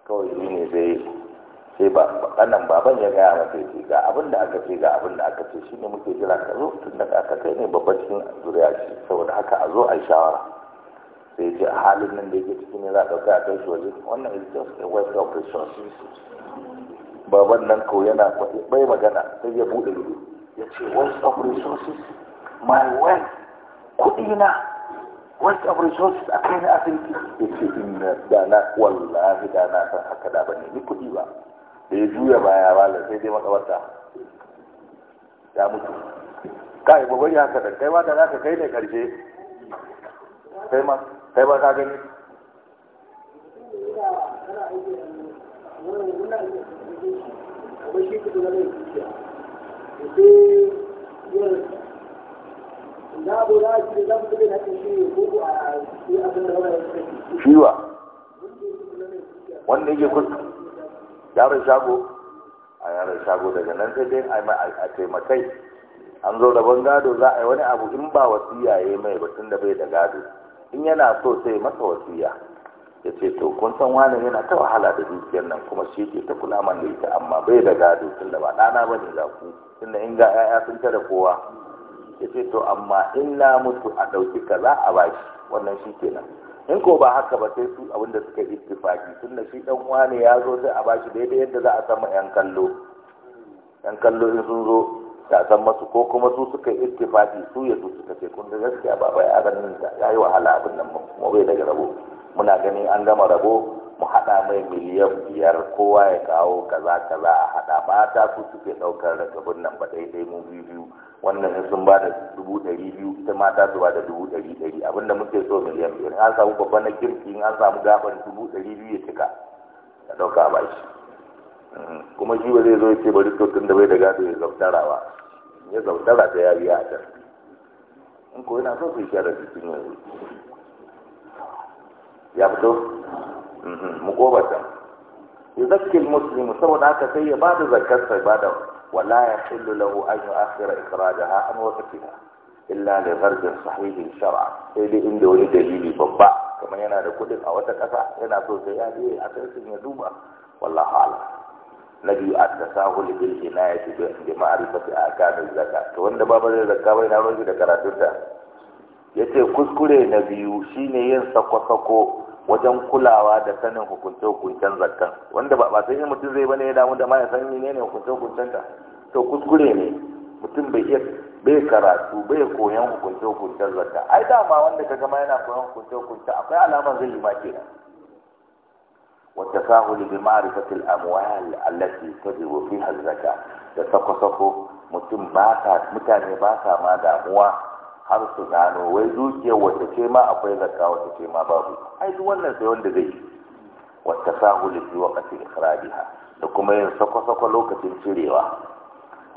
kawai shi ne zai sai ba kanan baban ya gaya masa ce ga abin da aka ce ga abin da aka ce shi ne muke jira ka zo tun da aka kai ne babban cikin zuriya shi saboda haka a zo a yi shawara sai ce halin nan da yake cikin ne za a ɗauka a kai shi waje wannan is just a waste of resources baban nan ko yana bai magana sai ya buɗe ido ya ce waste of resources my wealth kuɗi na waste of resources a kai na asibiti ya ce ina da na wallahi da na san haka da ban ni kuɗi ba da ya juya baya da sai dai makabarta ya mutu kai ba bari haka da kai ma da zaka kai ne karshe kai ma kai ba ka gani Shiwa, wanda yake kusa yaron shago a yaron shago daga nan sai dai a taimakai an zo ban gado za a yi wani abu in ba wasiya ya mai batun da bai da gado in yana so sai masa wasiya ya ce to kun san wani yana ta wahala da dukiyar nan kuma shi ke ta kula man da ita amma bai da gado tun da ba ɗana ba ne za ku tun da in ga 'ya'ya sun da kowa ya ce to amma in na mutu a ɗauki kaza a bashi wannan shi kenan in ko ba haka ba sai su abinda suka yi tun da shi dan wani ya zo sai a bashi daidai yadda za a sama yan kallo yan kallo in sun zo tasan masu ko kuma su suka yi istifati su ya su suka ce kun da gaskiya ba bai a ganin ya yi wahala abin nan mu bai daga rabo muna gani an gama rabo mu haɗa mai miliyan biyar kowa ya kawo kaza kaza a haɗa mata su suke ɗaukar rakabin nan ba daidai mu biyu biyu wannan sun ba da dubu ɗari biyu ita mata su ba da dubu ɗari ɗari abinda muke so miliyan biyar an samu babban na kirki an samu gaban dubu ɗari biyu ya cika ka ɗauka ba shi kuma shi ba zai zo ya ce bari to tun da bai da gado ya zautara ba ya zautara ta yariya a can in ko yana son su yi kyara jikin yanzu ya fito mhm, mu kobatan ya zakkin musulmi saboda haka sai ya ba da zakarsa ba da wala ya hillu lahu an yu'akhira ha an fita illa da zargin sahihin shar'a sai dai inda wani dalili babba kamar yana da kudin a wata kasa yana so sai ya je a kai ya duba wallahu ala na biyu a da sahul bil inayati bi ma'rifati akan zakka to wanda baba zai zakka bai na roki da karatunta yace kuskure na biyu shine yin sako-sako wajen kulawa da sanin hukunce-hukuncen zakkan wanda ba ba sai mutum zai bane ya damu da ma ya san ne hukunce-hukuncen ta to kuskure ne mutum bai iya bai karatu bai koyan hukunce-hukuncen zakka ai dama wanda ka gama yana koyan hukunce-hukunce akwai alamar zai yi ma kenan والتفاعل بمعرفة الأموال التي تجب فيها الزكاة تسقسقوا mutum ba ta mutane ba sa ma damuwa har su gano wai dukiyar wata ce ma akwai zakka wata ce ma babu ai duk wannan sai wanda zai wata sahuli fi waqti ikhrajiha da kuma yin sako-sako lokacin cirewa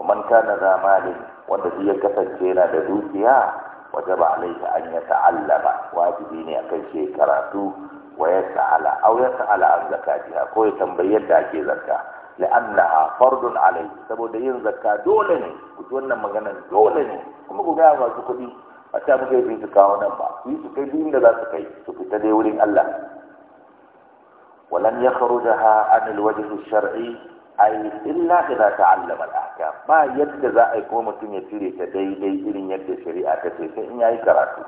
man kana za malin wanda ya kasance yana da dukiya wajaba alaihi an ya ta'allama wajibi ne akan shi karatu wa yas'ala aw yas'ala an zakatiha ko ya tambayi yadda ake zakka la'annaha fardun alayhi saboda yin zakka dole ne ku ji wannan maganar dole ne kuma ku ga masu kuɗi a ta muke bin su kawo nan ba su yi su kai duk inda za su kai su fita dai wurin Allah ولم da عن الوجه shar'i ai illa idza ta'allama al-ahkam ba yadda za a yi kuma mutum ya cire ta daidai irin yadda shari'a ta ce sai in yayi karatu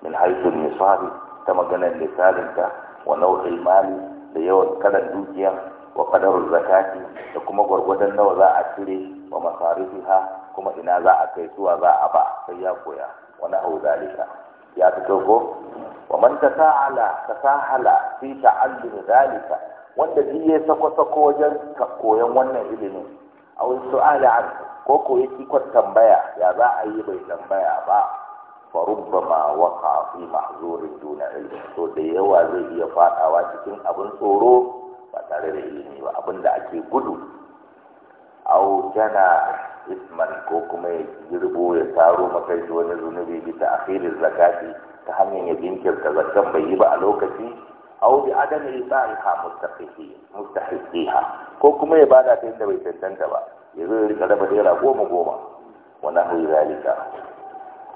min haythu nisabi ta maganar lissalinta wa nau'il mali da yawan kalan dukiya wa kadarul zakati da kuma gwargwadon nawa za a cire wa masarifiha kuma ina za a kai suwa za a ba sai ya koya wa nahu zalika ya fito ko wa man ta tasahala fi ta'allum zalika wanda duk ya sako sako wajen koyon wannan ilimin A su'ala an ko koyi yake tambaya ya za a yi bai tambaya ba فربما وقع في محظور دون علم to da yawa zai iya fadawa cikin abin tsoro ba tare da ilimi ba abin da ake gudu au jana isman ko kuma ya girbo ya taro makai da wani zunubi bi ta akhirin zakati ta hanyar ya jinkirta zakan bai yi ba a lokaci au bi adam mustahiki mustahiqiha ko kuma ya bada ta inda bai tantanta ba ya zo ya rika raba naira goma goma wa nahwi zalika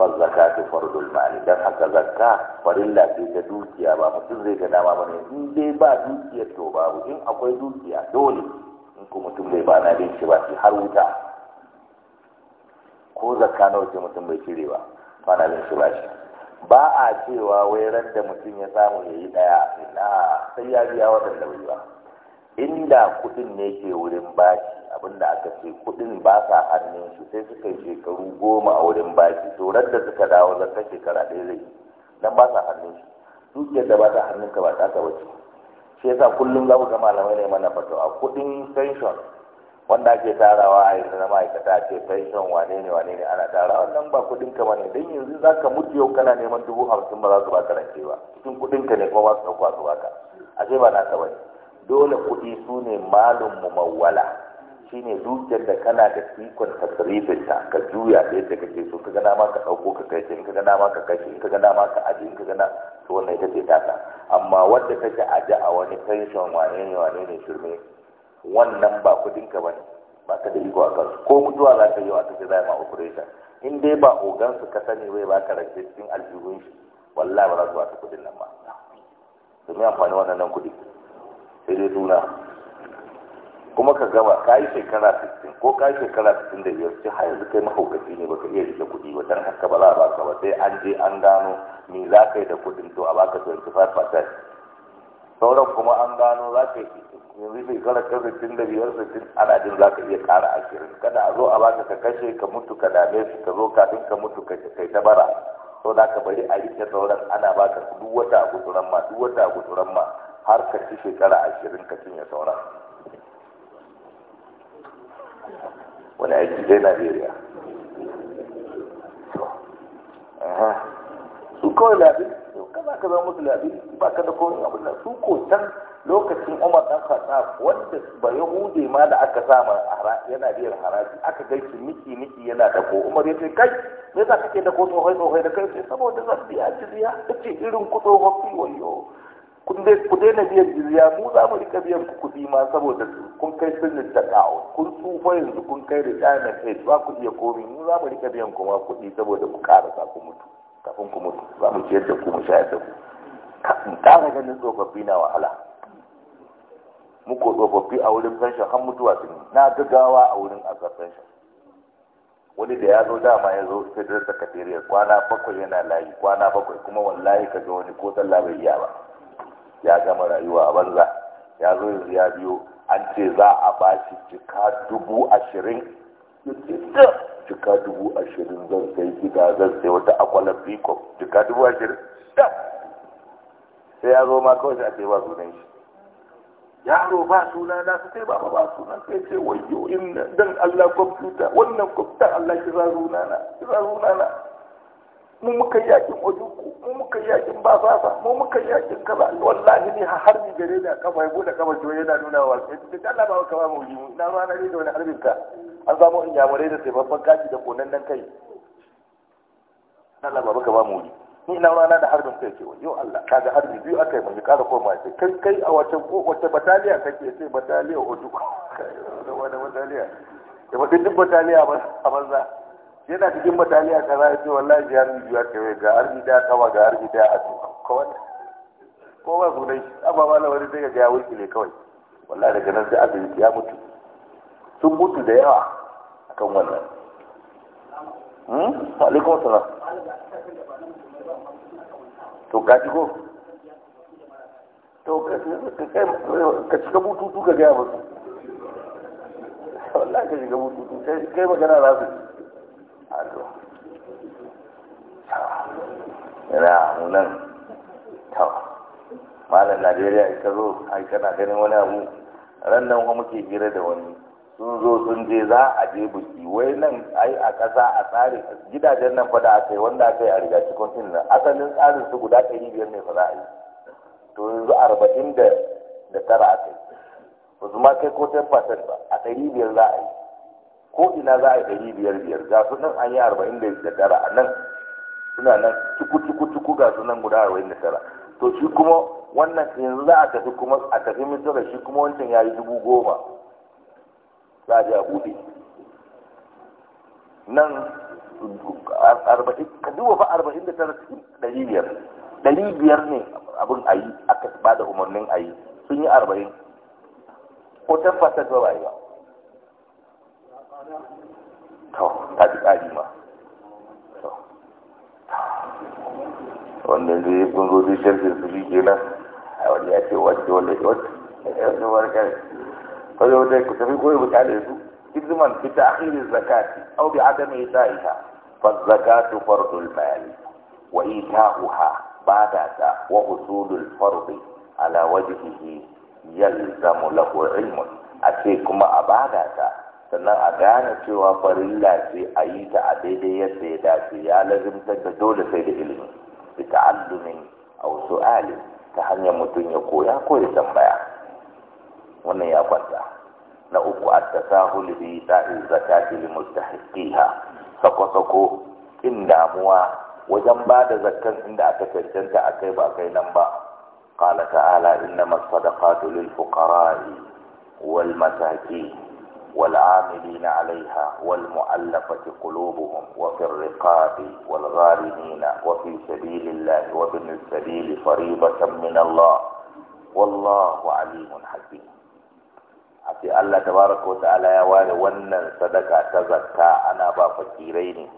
fazzaka ta fardul mali dan haka zakka farilla ce ta dukiya ba mutum zai ga dama bane in dai ba dukiyar to babu in akwai dukiya dole in ko mutum bai ba na bin shi ba shi har wuta ko zakka nawa ce mutum bai cire ba ba na bin shi ba shi ba a cewa wai ran da mutum ya samu ya yi daya ina sai ya biya waɗanda bai ba inda kuɗin ne ke wurin bashi abin da aka ce kuɗin ba sa hannun su sai suka yi shekaru goma a wurin baki to da suka dawo zakka shekara ɗaya zai dan ba sa hannun su dukiyar da ba ta hannun ka ba ta ka bace shi yasa kullum za ku ga malamai ne mana fatawa kuɗin pension wanda ake tarawa a yanzu na ma'aikata ce pension wane ne wane ne ana tara wannan ba kudin ka bane dan yanzu za ka mutu yau kana neman dubu hamsin ba za su baka rance ba cikin kudin ka ne kuma ba su ɗauka su baka ce ba na ta bane dole kuɗi su ne malin mawala. ne dukiyar da kana da ikon tasrifin ta ka juya da yadda kake so ka gana ka dauko ka kai in kaga dama ka kashe in kaga dama ka aje in gana to wannan ita ce taka amma wadda kake aje a wani pension wane ne wane ne shirme wannan ba kudin ka bane ba ka da iko a kansu ko mutuwa za ka yi wa ta za ma operation in dai ba ogan su ka sani bai ba ka rage cikin aljihun shi wallahi ba za su ba ta kudin nan ba domin amfani wannan nan kudi sai dai suna kuma ka gama ka yi shekara 16 ko ka yi shekara 65 sai har yanzu kai mahaukaci ne baka iya rike kuɗi ba dan haka ba za a baka ba sai an je an gano me za ka yi da kuɗin to a baka 25% sauran kuma an gano za ka yi yanzu shekara da biyar 60 ana jin za ka iya ƙara ashirin, kada a zo a baka ka kashe ka mutu ka dame su ka zo kafin ka mutu kai ta bara sau da ka bari a rike sauran ana baka duk wata a guturan ma duk wata a guturan ma har ka ci shekara 20 ka cinye sauran wani aiki sai najeriya su kawai labi kaza ka zama musu labi ba ka da komai abin su ko can lokacin umar dan fata wanda ba yahude ma da aka sama yana biyar haraji aka gaishe miki miki yana dako umar ya ce kai me ka kake dako tsohai tsohai da kai sai saboda zan biya jizya ce irin ku tsohon wayo ku daina biyan jiriya, mu za mu rika biyan ku kuɗi ma saboda su kun kai sirrin da kawo kun tsufa yanzu kun kai retirement age ba ku iya komi mu za mu rika biyan kuma kuɗi saboda mu sa ku mutu kafin ku mutu za mu ciyar da ku mu shayar da ku kafin ƙara ganin tsofaffi na wahala mu ko tsofaffi a wurin pension har mutuwa sun na gaggawa a wurin asar pension wani da ya zo dama ya zo federal secretary kwana bakwai yana layi kwana bakwai kuma wallahi ka ga wani ko sallah bai iya ba ya gama rayuwa a banza ya zo yanzu ya biyo an ce za a ba shi cika dubu ashirin cika dubu ashirin zan sai gida zan sai wata akwalar fikon cika dubu ashirin da sai ya zo ma kawai sai a ce ba sunan shi yaro ba suna na su sai baba ba suna sai ce wayo in dan Allah kwamfuta wannan kwamfuta Allah kira suna na kira na mu muka yi yakin ojuku mu muka yi yakin basasa mu muka yi yakin kaza wallahi ne har ni gare da kafa ya bude kafa jiyo yana nuna wa da Allah ba ka ba mu yi na ma na rido na harbin ka an samu in mure da sai babban kaji da konan nan kai Allah ba ka ba mu yi ni na rana da harbin kai ce yau Allah kaga harbi biyu aka yi mun kara koma sai kai kai a wace wata bataliya kake sai bataliya ojuku da [LAUGHS] wani bataliya da duk bataliya a banza yana cikin bataliya kaza ya ce wallahi shi harbi biyu ke yi ga harbi da kama ga harbi da a tuka kawai ko ba su dai amma ba lawari sai ka ga ya wuce ne kawai wallahi daga nan sai asibiti ya mutu sun mutu da yawa akan wannan hmm alaikum salam to ka ji ko to ka shiga bututu ka gaya musu wallahi ka shiga bututu kai magana za su addu'a yana nan ta malam najeriya ita zo ai kana ganin wani abu ran nan kuma muke hira da wani sun zo sun je za a je buki wai nan ai a ƙasa a tsari gidajen nan fada aka yi wanda aka yi a riga cikin sun nan asalin tsarin su guda ɗari biyar ne fa za a yi to yanzu arba'in da da tara aka yi ba su ma kai ko ten percent ba a ɗari biyar za a yi ko ina za a yi ɗari biyar biyar ga su nan an yi arba'in da tara a nan suna nan cuku cuku cuku ga su nan guda arba'in da tara to shi kuma wannan yanzu za a tafi kuma a tafi misira shi kuma wancan ya yi dubu goma za a ji a buɗe nan arba'in ka duba fa arba'in da tara cikin ɗari biyar ɗari biyar ne abin a yi aka ba da umarnin a yi sun yi arba'in ko tabbatar ba ba to ta ji ƙari ma to wannan zai kun zo zai sharfin su shi nan a wani ya ce wacce wanda ya wacce wani ko wani wata ku tafi koyi mutane su izman fi ta'khiri zakati au bi sa ita fa zakatu fardul mali wa ita'uha ba'da ta wa usulul fardi ala wajhihi yalzamu lahu ilmun a ce kuma a bada ta sannan a gane cewa farilla ce a yi ta a daidai yadda ya dace ya lazimtar da dole sai da ilimi bi ta'allumin aw su'ali ta hanyar mutum ya koya ko ya tambaya wannan ya kwanta na uku at-tasahul bi da'i zakati haƙƙi mustahiqiha sako sako kin damuwa wajen ba da zakkan inda aka cancanta kai ba kai nan ba qala ta'ala innamas sadaqatu lil fuqara'i wal masakin والعاملين عليها والمؤلفة قلوبهم وفي الرقاب والغارمين وفي سبيل الله وابن السبيل فريضة من الله والله عليم حكيم أتي الله تبارك وتعالى يا والي ونن صدقة تزكى أنا با فكيرين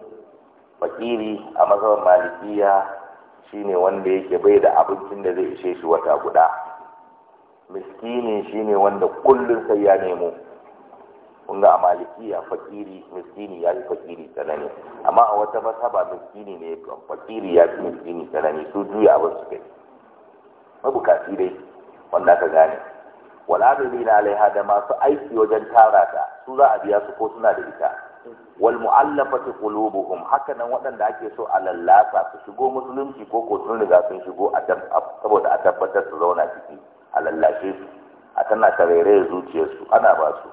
فكيري أما مالكية shine wanda yake bai da abincin da zai ishe shi wata guda miskini shine wanda kullum sai ya nemo kun ga a malikiya fakiri miskini ya fi fakiri tsanani amma a wata masaba miskini ne fakiri ya fi miskini tsanani su juya abin su kai mabukaci dai wanda aka gane ni na alaiha da masu aiki wajen tara ta su za a biya su ko suna da ita wal mu'allafati qulubuhum haka nan waɗanda ake so a lallasa su shigo musulunci ko ko sun riga sun shigo a saboda a tabbatar su zauna ciki a lallashe su a tana tarere zuciyarsu ana ba su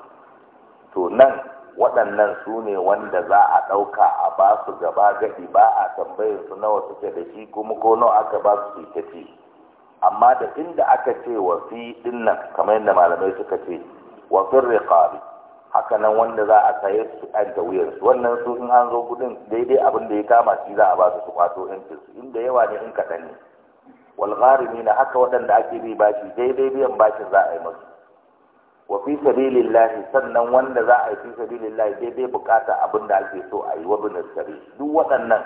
to nan waɗannan su ne wanda za a ɗauka a ba su gaba gadi ba a tambayin su nawa suke da shi kuma ko nawa aka ba su tafi amma da inda aka ce wa fi nan kamar yadda malamai suka ce wa fi haka nan wanda za a saye su an da wuyar su wannan su in an zo gudun daidai abin da ya kama shi za a ba su su kwato yancin su inda yawa ne in kaɗan ne wal na haka waɗanda ake bi bashi daidai biyan bashin za a yi masu wa fi sabilillahi sannan wanda za a yi fi sabilillahi sai dai bukata abin da ake so a yi wa bin duk waɗannan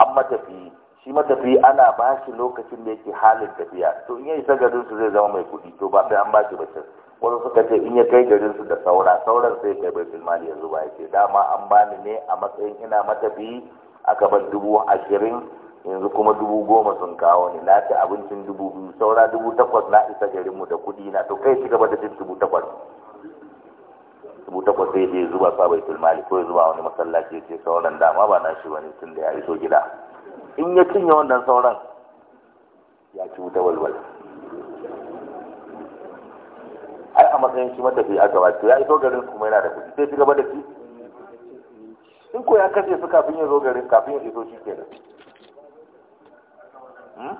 an matafiyi shi matafiyi ana ba shi lokacin da yake halin tafiya to in ya isa garin su zai zama mai kuɗi to ba sai an ba shi ba can wasu suka ce in ya kai garin su da saura sauran sai kai baitul mali yanzu ba yake dama an bani ne a matsayin ina matafiyi a gaban dubu ashirin yanzu kuma dubu goma sun kawo ne na abincin dubu biyu saura dubu takwas na isa garinmu da kuɗi na to kai shi gaba da cin dubu takwas dubu takwas sai je zuba sa bai tilmali ko zuba wani masallaci ce sauran dama ba na shi wani tun da ya iso gida in ya cinye wannan sauran ya ci wuta walwal ai a matsayin shi matafi a gaba ya iso garin kuma yana da kuɗi sai shi gaba da shi. in ko ya kashe su kafin ya zo garin kafin ya iso shi kenan yadda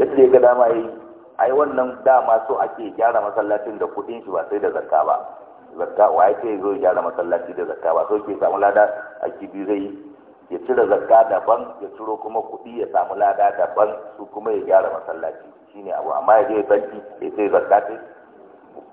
ya ga dama yi ai wannan dama so ake gyara masallacin da kudin shi ba sai da zakka ba zakka wa yake zo ya gyara masallaci da zakka ba so ke samu lada a kibi zai ya cire zakka daban ya ciro kuma kuɗi ya samu lada daban su kuma ya gyara masallaci shine abu amma ya je banki ya sai zakka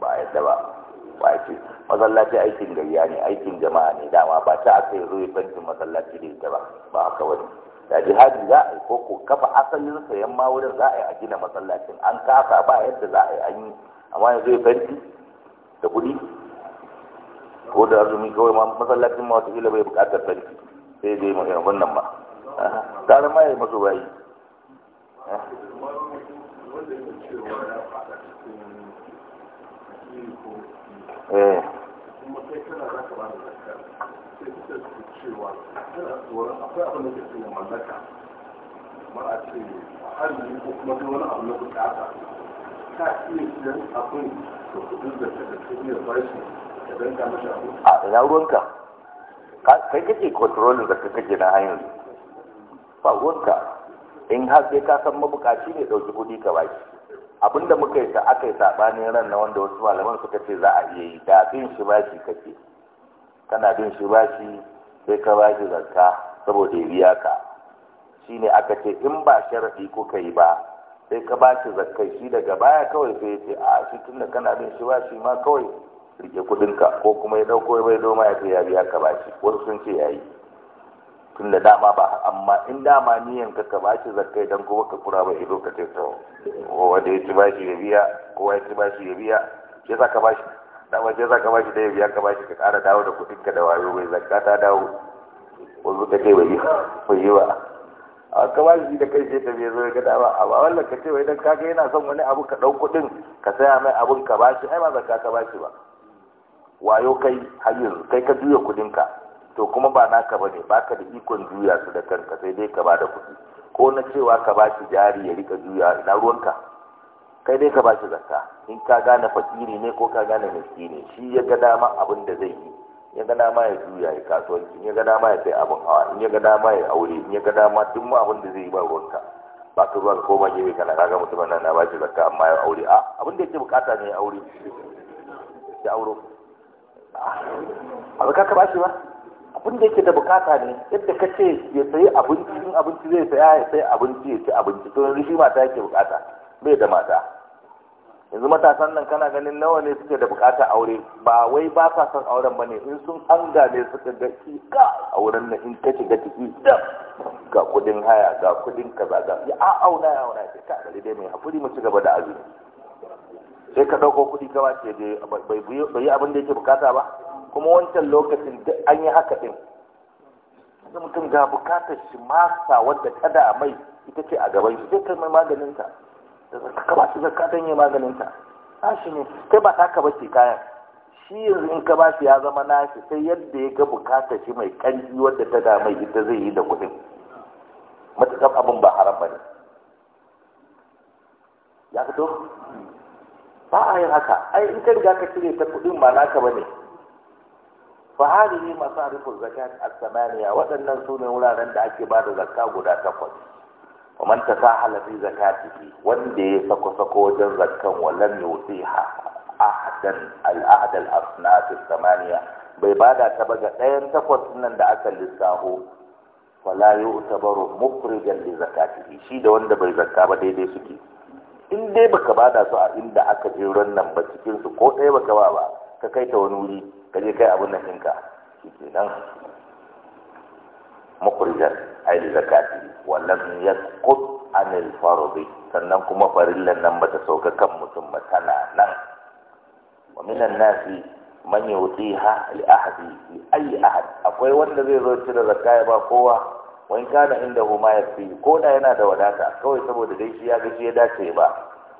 ba yadda ba kwace masallaci aikin gariya ne aikin jama'a ne dama ba ta aka yi zuwa bankin masallaci da ita ba ba haka wani da jihadi za a yi ko ko kafa asalin sayan ma wurin za a yi a gina masallacin an kasa ba yadda za a yi an yi amma yanzu ya fenti da kuɗi ko da azumi kawai ma masallacin ma wataƙila bai buƙatar fenti sai dai mai wannan ba tare ma ya yi masu bayi eh kuma kai ka da sai kusa ce da ka ruwanka kai kake kontrolin da kake na hanyar ba ruwanka in har sai ka san mabukaci ne ɗauki kuɗi ka baki abinda muka yi aka yi saɓanin ran na wanda wasu malaman suka ce za a iya yi da bin shi bashi kake kana bin shi bashi sai ka bashi zakka saboda ya biya ka shine aka ce in ba sharaɗi kuka yi ba sai ka bashi zarka shi daga baya kawai sai ya ce a shi da kana bin shi bashi ma kawai rike kuɗinka ko kuma ya ɗauko ya bai doma ya ya biya ka bashi wasu sun ce ya yi tun da dama ba amma in dama niyan ka ka bashi zakkai dan kuma ka kura ba ido ka ce to wanda ya ci bashi ya biya kowa ya ci bashi ya biya ke za ka bashi dama shi za ka bashi da ya biya ka bashi ka ƙara dawo da kudin ka da wayo bai zakka ta dawo zo ka ce bai yi ba yi ba a ka bashi da kai ce ta bai zo ya ga dama amma wannan ka ce wai dan kaga yana son wani abu ka ɗau kuɗin ka saya mai abun ka bashi ai ba zakka ka bashi ba wayo kai har yanzu kai ka juya kudin ka to kuma ba naka bane baka da ikon juya su da kanka sai dai ka ba da kuɗi ko na cewa ka ba shi jari ya rika juya ina ruwanka kai dai ka ba shi zakka in ka gane fakiri ne ko ka gane miskini shi ya ga dama abin da zai yi ya ga dama ya juya ya kasuwanci in ya ga dama ya sai abin hawa in ya ga dama ya aure in ya ga dama duk ma abin da zai yi ba ruwanka ba ka ruwa ka koma gefe kana kaga mutum nan na ba shi zakka amma ya aure a abin da yake bukata ne ya aure ya auro a ka ka ba shi ba abin da yake da bukata ne yadda ka ce ya sayi abinci in abinci zai saya ya sayi abinci ya ci abinci to yanzu shi mata yake bukata bai da mata yanzu matasan nan kana ganin nawa ne suke da bukata aure ba wai ba sa son auren ba ne? in sun hangale suka ga ka a wurin nan in ka shiga ciki da ga kudin haya ga kudin kaza ga ya a auna ya auna ce ka bari dai mai hakuri mu ci gaba da azumi sai ka dauko kudi ka ba ce bai yi abin da yake bukata ba kuma wancan lokacin duk an yi haka ɗin da mutum ga bukatar shi masa wadda kada a mai ita ce a gaban shi zai kai mai maganinta da zaka ba shi zaka don yi maganinta shi ne kai ba ta ka ce kayan shi yanzu in ka ba shi ya zama nashi sai yadda ya ga bukatar shi mai ƙarfi wadda ta da mai ita zai yi da kuɗin matuƙar abin ba haram ba ne ya fito ba a yin haka ai in ka riga ka cire ta kuɗin ba naka ba ne fa masu masarifu zakat a samaniya waɗannan sunan wuraren da ake ba da zakka guda takwas wa man tasahala wanda ya sako sako wajen zakkan wa lam wuce ahadan al-ahd asnaf samaniya bai bada ta ba ga ɗayan takwas nan da aka lissaho fala yu'tabaru mukhrijan li zakatihi shi da wanda bai zakka ba daidai suke in dai baka bada su a inda aka je nan ba cikin ko ɗaya baka ba ba ka kai ta wani wuri ka je kai abin nan ɗinka shi ke nan mukurjar aili zakati wallan ya kut anil farubi sannan kuma farillan nan bata sauka kan mutum ba tana nan wa minan nasi man yutiha li ahadi li ayi ahad akwai wanda zai zo cire zakaya ya ba kowa wani kana inda huma ma fi. ko da yana da wadata kawai saboda dai shi ya gaji ya dace ba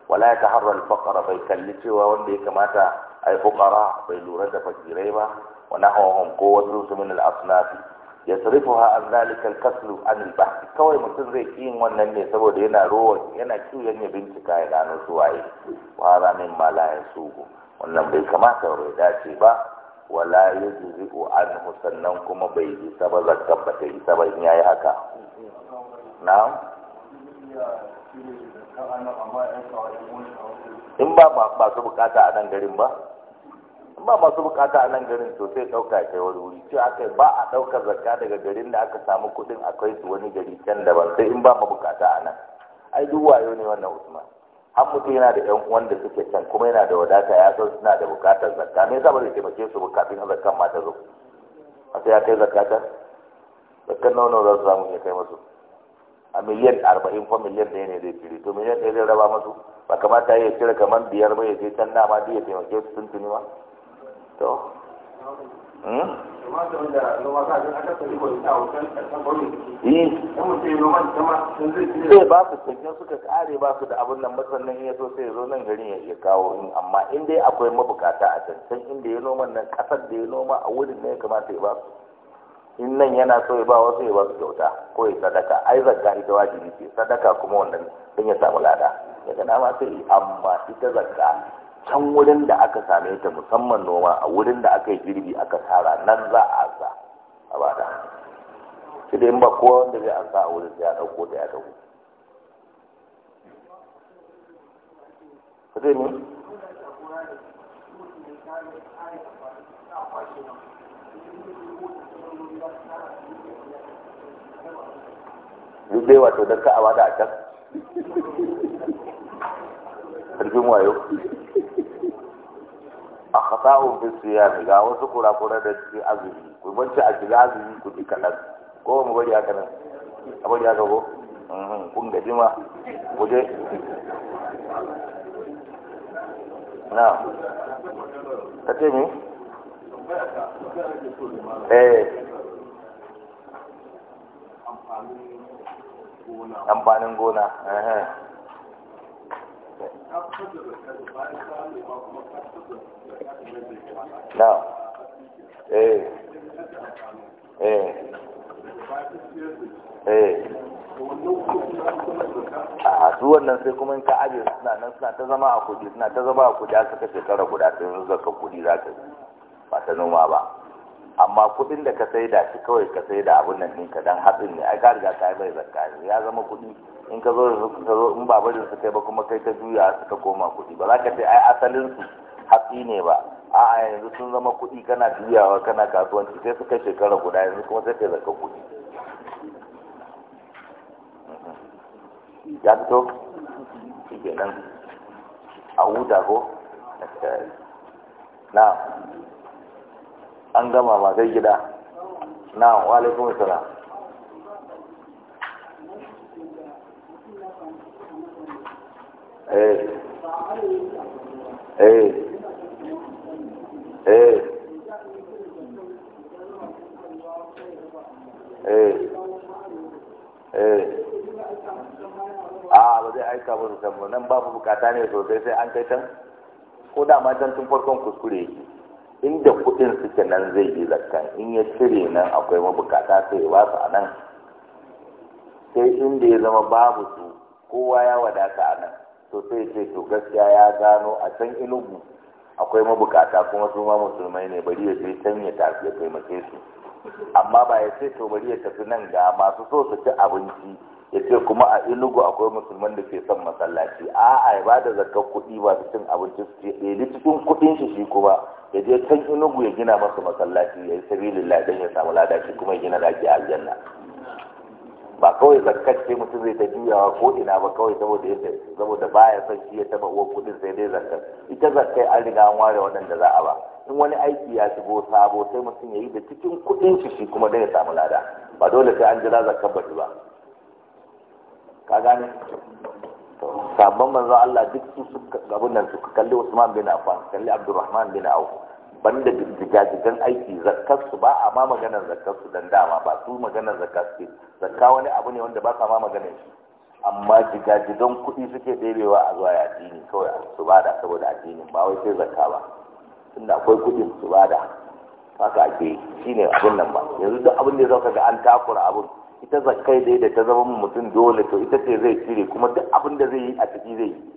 wala ya taharra al-faqra bai kalli cewa wanda ya kamata الفقراء بيلورة فقيريبا ونحوهم قوة من الأصناف min an Ya al-kasl an al ba. kawai mutum zai yin wannan ne saboda yana rowa yana kiyon ya bincika ya gano su waye wa ranar ma la wannan bai kamata ba dace ba wala yujzi'u anhu sannan kuma bai yi saba ba ta yi saba in yayi haka in ba ba su bukata a nan garin ba ba masu bukata a nan garin to sai ɗauka kai wani wuri ce aka ba a dauka zakka daga garin da aka samu kudin akwai su wani gari can daban sai in ba ma bukata a nan ai duk wayo ne wannan usman har mutum yana da yan uwan da suke can kuma yana da wadata ya san suna da bukatar zakka me yasa ba zai taimake su bukatun kafin zakkan ma ta zo a sai ya kai zakata zakkan nawa nawa za su samu ya kai masu. a miliyan arba'in ko miliyan ɗaya ne zai fili to miliyan ɗaya zai raba masu ba kamata ya cire kamar biyar ba ya je can dama duk ya taimake su tuntuni ma to sai hmm? eh, ba su cikin suka kare ba su da abin nan masannan ya so sai zo nan garin ya kawo in amma in dai akwai mabukata a can can inda ya noma nan kasar da ya noma a wurin ne ya kamata ya ba su in nan yana so ya ba wasu ya ba su kyauta ko ya sadaka ai zakka ita wajibi ce sadaka kuma wannan don ya samu lada daga nama sai amma ita zakka can wurin da aka same ta musamman noma a wurin da aka yi girbi aka tara nan za a sa a ba da shi da in ba kowa wanda zai an sa a wurin ya dauko da ya dauko zai ne duk dai wato don ka a bada a can ƙarfin wayo a kasa'un fi siyami ga wasu kurakura da cikin azumi ku banci a shiga azumi ku ji kaɗan ko mu bari haka nan a bari haka ko mhm, kun gaji ma ku je na ka ce mi eh amfanin gona na a su wannan sai kuma in ka aje suna nan suna ta zama a kudi suna ta zama a kudi aka kashe shekara guda sai yanzu zaka kudi za ka ba ta noma ba amma kudin da ka sai da shi kawai ka sai da abin nan ɗinka don hatsin ne ai ka riga ka yi bai zakka ya zama kudi in ka zo da ka zo in ba barin su kai ba kuma kai ka juya suka koma kuɗi ba za ka ce ai asalin su hatsi ne ba a'a yanzu sun zama kuɗi kana juyawa kana kasuwanci sai su kai shekara guda yanzu kuma sai ka zaka kuɗi ya fito shi ke nan a huta ko na an gama ma sai gida na wa alaikum salam eh eh eh eh eh a ba zai aika ba su ba nan babu bukata ne sosai sai an kaitan. ko da ma can tun farkon kuskure inda kuɗin suke nan zai yi zakkan in ya cire nan akwai mabukata sai ya wasu a nan sai inda ya zama babu su kowa ya wada a nan to sai ce to gaskiya ya gano a can inugu akwai mabukata kuma su ma musulmai ne bari ya sai can ya tafi ya taimake su amma ba ya ce to bari ya tafi nan ga masu so su ci abinci ya ce kuma a ilugu akwai musulman da ke son masallaci a a ya ba da zakar kuɗi ba su cin abinci su ce ɗaya cikin kuɗin shi shi kuma ya je can ilugu ya gina masa masallaci ya yi sabilin don ya samu lada kuma ya gina daki aljanna ba kawai zakkar ce mutum zai ta juyawa ko ina ba kawai saboda yadda saboda baya son shi ya taba uwar kudin sai dai zarkar ita zakkar an riga an ware waɗanda za a ba in wani aiki ya shigo sabo sai mutum ya yi da cikin kudin shi shi kuma dai ya samu lada ba dole sai an jira zakkar batu ba ka gane sabon manzon Allah duk su suka abun nan suka kalli Usman bin Affan kalli Abdulrahman bin Auf banda jigajigan aiki su ba a ma maganar su dan dama ba su maganar su zakka wani abu ne wanda ba sa ma maganar shi amma jigajigan kuɗi suke ɗebewa a zuwa addini kawai a su da saboda addinin ba wai sai zakka ba tunda akwai kuɗin su ba da haka ake shine abin nan ba yanzu duk abin da zaka ga an takura abin ita zakkai dai da ta zama mutum dole to ita ce zai cire kuma duk abin da zai yi a ciki zai yi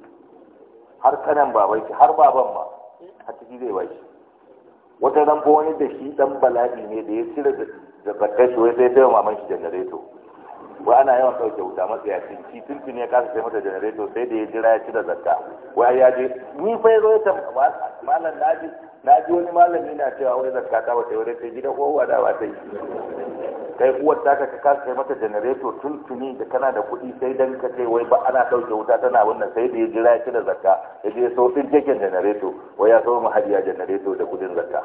har kanan baban shi har baban ma a ciki zai bashi wata nan ko wani da shi dan bala'i ne da ya cire da zakar shi wai sai da maman shi janareto ana yawan ɗauke wuta matsayacin ci tuntun ya kasa sai mata janareto sai da ya jira ya cire zakka wai ya je ni fa ya zo ta malam na ji wani malami na cewa wai zakka ta wata wani ta gida ko wada ba kai uwar taka ka kasa kai mata janareto tun tuni da kana da kuɗi sai dan ka kai wai ba ana ɗauke wuta tana wannan sai da ya jira ya da zakka ya je so din jakin janareto wai ya so mu hadiya janareto da kuɗin zakka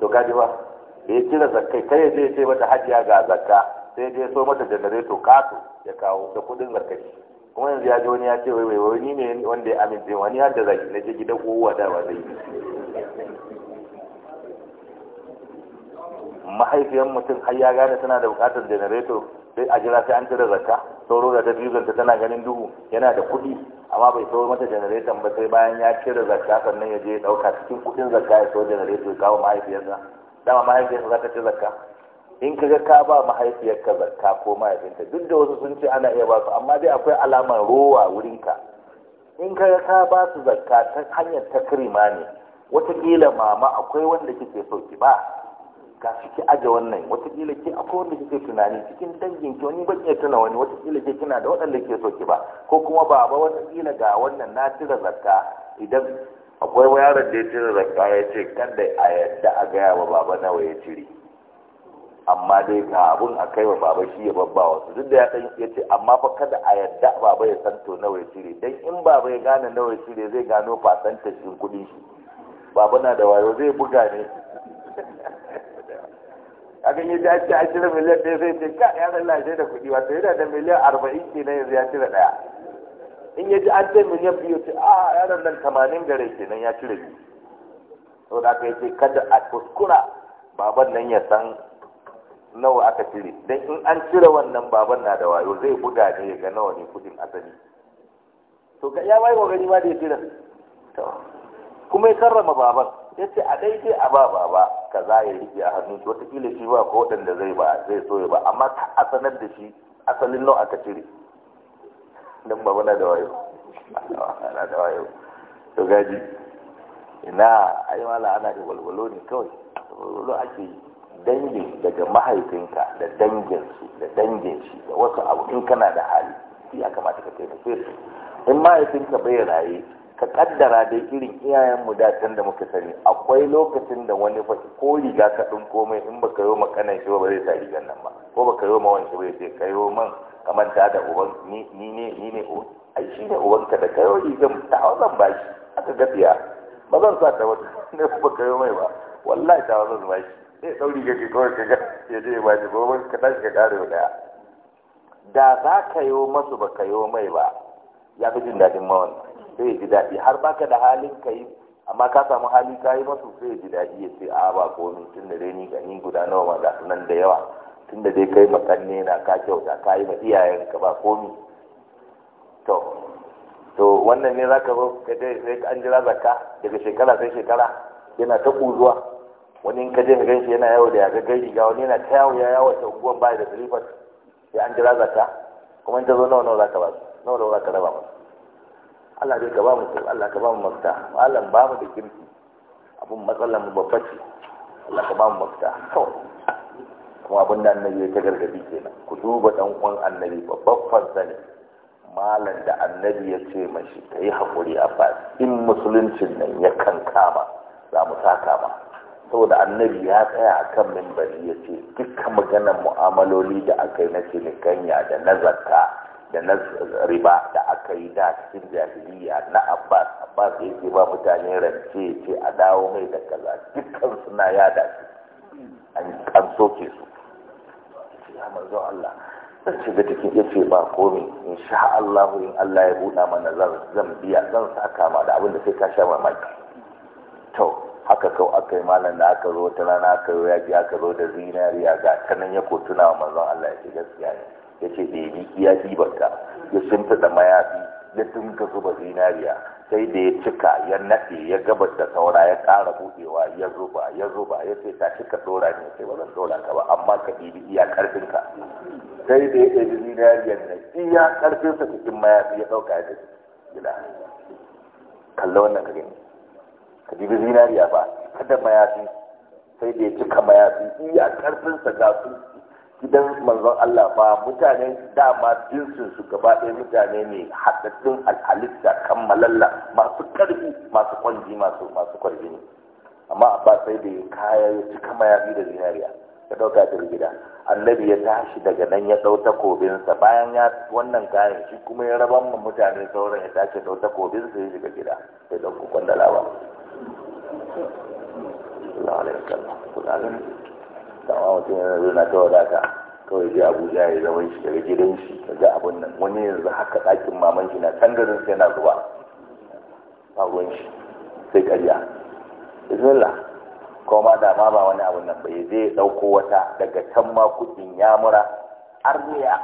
to kaji ba ya jira zakka kai ya je ya ce mata hadiya ga zakka sai dai so mata janareto kato ya kawo da kudin zakka kuma yanzu ya ji wani ya ce wai wai wani ne wanda ya amince wani har da zaki na je gidan uwa da ba zai mahaifiyar mutum har ya gane tana da bukatar janareto sai a jira sai an cire zakka sauro da dabizonta tana ganin duhu yana da kuɗi amma bai sauro mata janareton ba sai bayan ya cire zakka sannan ya je ya ɗauka cikin kuɗin zakka ya sauro janareto ya kawo mahaifiyarsa dama mahaifiyarsa za ta ci zakka in ka ga ka ba mahaifiyarka zakka ko mahaifinta duk da wasu sun ce ana iya ba su amma dai akwai alamar rowa wurinka in ka ga ka ba su zakka ta hanyar takrima ne wataƙila mama akwai wanda kike so ki ba gashi ki aje wannan watakila ke akwai wanda kike tunani cikin dangin ki wani ban iya tuna wani watakila ke kina da waɗanda ke so ki ba ko kuma baba watakila ga wannan na tira zakka idan akwai yaron da ya tira zakka ya ce kada a yadda a gaya wa baba nawa ya cire amma dai ga abun a kai wa baba shi ya babba wasu duk da ya san ya ce amma fa kada a yadda baba ya san to nawa ya cire dan in baba ya gane nawa ya cire zai gano shi kuɗin shi baba na da wayo zai buga ne abin ya dace a cire miliyan ɗaya sai ce ka ya zan lashe da kuɗi wato yana da miliyan arba'in ke nan yanzu ya cire ɗaya in ya ji an ce miliyan biyu ce a ah, yaron nan tamanin gare nan ya cire biyu to da aka yace kada a kuskura baban nan ya san nawa aka cire dan in an cire wannan baban na da wayo zai buga ne ga nawa ne kuɗin asali to ya bai gani ma da ya cire kuma ya karrama baban ya ce a daidai a ba baba ka za ya rike a hannun shi watakila shi ba ko waɗanda zai ba zai so ya ba amma ka a sanar da shi asalin nau aka cire don ba da wayo ana da wayo to gaji ina yi mala ana da walwalo ne kawai walwalo ake dangi daga mahaifinka da danginsu da dangin shi da wasu abu in kana da hali ya kamata ka taimake su in mahaifinka bai raye ka kaddara dai irin iyayenmu mu da muka sani akwai lokacin da wani fa ko riga ka ɗin komai in baka yi ma kanan shi ba zai sa rigan nan ba ko baka yi ma shi ba sai ka yi man kamar ta da uban ni ni ne ni ne o ai shi ne uban ka da kayo rigan ta wannan ba shi aka gafiya ba zan sa ta wata [LAUGHS] ne ka yi mai ba wallahi ta wannan ba shi sai dauri ga ke kawai ga ya je ba shi ba ka tashi ka wa daya da za ka yi masu ba ka yi mai ba ya fi jin daɗin ma wannan sai ya ji daɗi har baka da halin ka yi amma ka samu hali ka yi masu sai ya ji daɗi ya ce a ba komi tun da ni gani ni guda nawa ma gasu nan da yawa tun da dai kai makanne na ka kyauta ka yi ma ka ba komi to to wannan ne zaka zo ka je sai an jira zakka daga shekara sai shekara yana ta kuzuwa wani in ka je ka ganshi yana yawo da ya gaggai riga wani yana ta yawo ya yawo ta unguwan baya da silifas sai an jira zakka kuma in ta zo nawa nawa zaka ba nawa nawa zaka raba masu Allah dai ka ba mu Allah ka ba mu mafita malam ba mu da kirki abun matsalar mu babba ce Allah ka ba mu mafita kawai kuma abin da annabi ya ta gargadi kenan ku duba dan uwan annabi babban fansa ne malam da annabi ya ce mashi ka yi haƙuri a ba in musuluncin nan ya kan kama za mu saka kama. saboda annabi ya tsaya a kan mimbari ya ce dukkan maganar mu'amaloli da aka yi na cinikanya da na zakka da na riba da aka yi da cikin jahiliya na abbas abbas ya ce ba mutane rance ce a dawo mai da kaza dukkan suna yada su an soke su ya manzo Allah zan shiga cikin ya ce ba komi in sha Allah in Allah ya buɗa mana zan biya zan sa ma da abin da sai ka sha mamaki to haka kau aka yi malam da aka zo ta rana aka ya yaji aka zo da zinariya ga ta nan ya ko wa manzon Allah ya ce gaskiya ne ya ce ɗebi iya ɗibarka ya shimfiɗa mayafi ya dinka zuba zinariya sai da ya cika ya naɗe ya gabar da saura ya ƙara buɗewa ya zuba ya zuba ya ce ta cika ɗora ne sai ba zan ɗora ka ba amma ka ɗibi iya ƙarfinka sai da ya ɗebi zinariyar na iya ƙarfinsa cikin mayafi ya ɗauka ya tafi gida kalla wannan ka gani ka ɗibi zinariya ba kada mayafi sai da ya cika mayafi iya ƙarfinsa ga su gidan manzon Allah ba mutane dama jinsin su gaba ɗaya mutane ne haɗaɗɗun alhalitta kammalalla masu ƙarfi masu kwanji masu masu kwarji ne amma ba sai da kaya ya cika mayafi da zinariya ya ɗauka ta gida annabi ya tashi daga nan ya ɗau takobinsa bayan ya wannan kayan shi kuma ya raban ma mutane sauran ya tashi ɗau takobinsa ya shiga gida sai ɗauko kwandala ba. Allah alaihi wasallam. dawa mutum yana zo na ta wadata kawai sai abuja ya zama shi daga gidan shi ga abin nan wani yanzu haka ɗakin maman shi na can garin sai yana zuba a ruwan shi sai ƙarya bismillah kuma da ma ba wani abin nan bai zai ɗauko wata daga can ma kuɗin ya mura arniya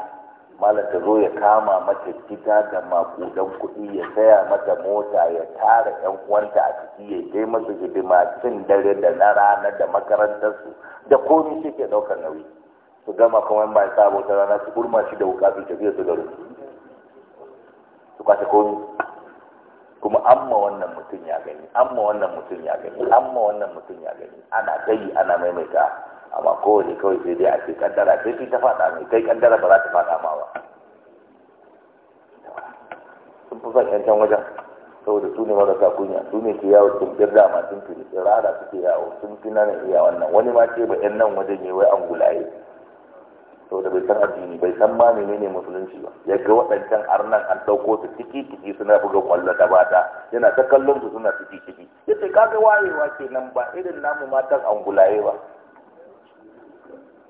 malam ta zo ya kama mata gida da makudan kuɗi ya saya mata mota ya tara yan uwanta a ciki ya kai masa hidima cin dare da na rana da makarantarsu da komi shi ke ɗaukar nauyi su gama kuma ba sabo ta rana su kurma shi da wuka su tafiya su garin su kwace komi kuma amma wannan mutum ya gani amma wannan mutum ya gani amma wannan mutum ya gani ana kai ana maimaita amma kowane kawai sai dai a ce kaddara sai fi ta faɗa mai kai kaddara ba za ta faɗa ma ba sun fi son yancan wajen saboda su ne marasa kunya su ne ke yawo sun fi dama sun fi rada suke yawo sun fi nanin iya wannan wani ma ce ba yan nan wajen ya wai an gulaye saboda bai san addini bai san ma ne musulunci ba ya ga waɗancan arnan an ɗauko su ciki ciki suna buga kwallo da bata yana ta kallon su suna ciki ciki Ya ce kaga wayewa kenan ba irin namu matan an gulaye ba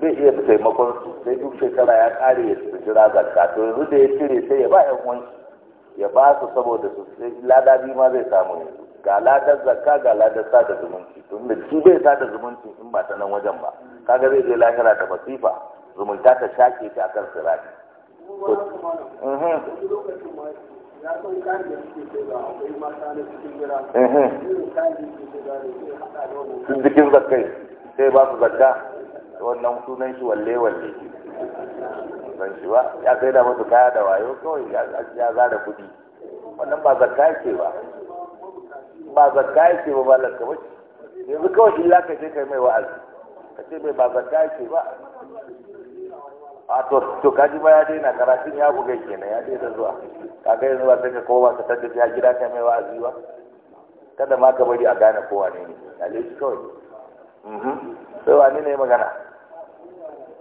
zai iya taimakon su sai duk shekara ya kare ya su jira zakka to yanzu da ya cire sai ya ba yan wani ya ba su saboda su sai lada biyu ma zai samu yanzu ga ladar zakka ga ladar sada zumunci tun da shi bai sada zumunci in ba ta nan wajen ba kaga zai je lahira ta masifa zumunta ta shake ta akan sirati Sun jikin kayan sai zakkai sai ba su zakka wannan sunan shi walle walle san shi ba ya sai da musu kaya da wayo kawai ya zara kuɗi wannan ba zakka yake ba ba zakka yake ba ba lakaba yanzu kawai shi ka je kai mai wa'azi ka ce mai ba zakka yake ba a to to kaji ba ya daina karatun ya buga kenan ya daina zuwa kaga yanzu ba sai ka koma ka tattace ya gida kai mai wa'azi ba kada ma ka bari a gane kowa ne ne kale shi kawai mhm. sai wani ne magana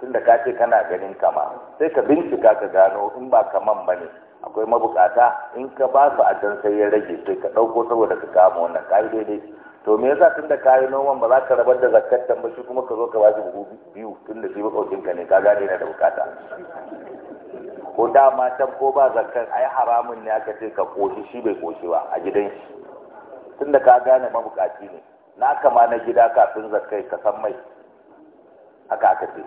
tunda ka ce kana ganin kama sai ka bincika ka gano in ba kaman ba ne akwai mabukata in ka ba su a can sai ya rage sai ka ɗauko saboda ka kama wannan ka yi daidai to me yasa tunda ka yi noman ba za ka rabar da zakkar ba shi kuma ka zo ka ba shi buhu biyu tunda shi makaucin ka ne ka gane yana da bukata ko dama can ko ba zakkar ai haramun ne aka ce ka koshi shi bai koshi ba a gidan shi tunda ka gane mabukaci ne na kama na gida kafin zakkai ka san mai haka aka ce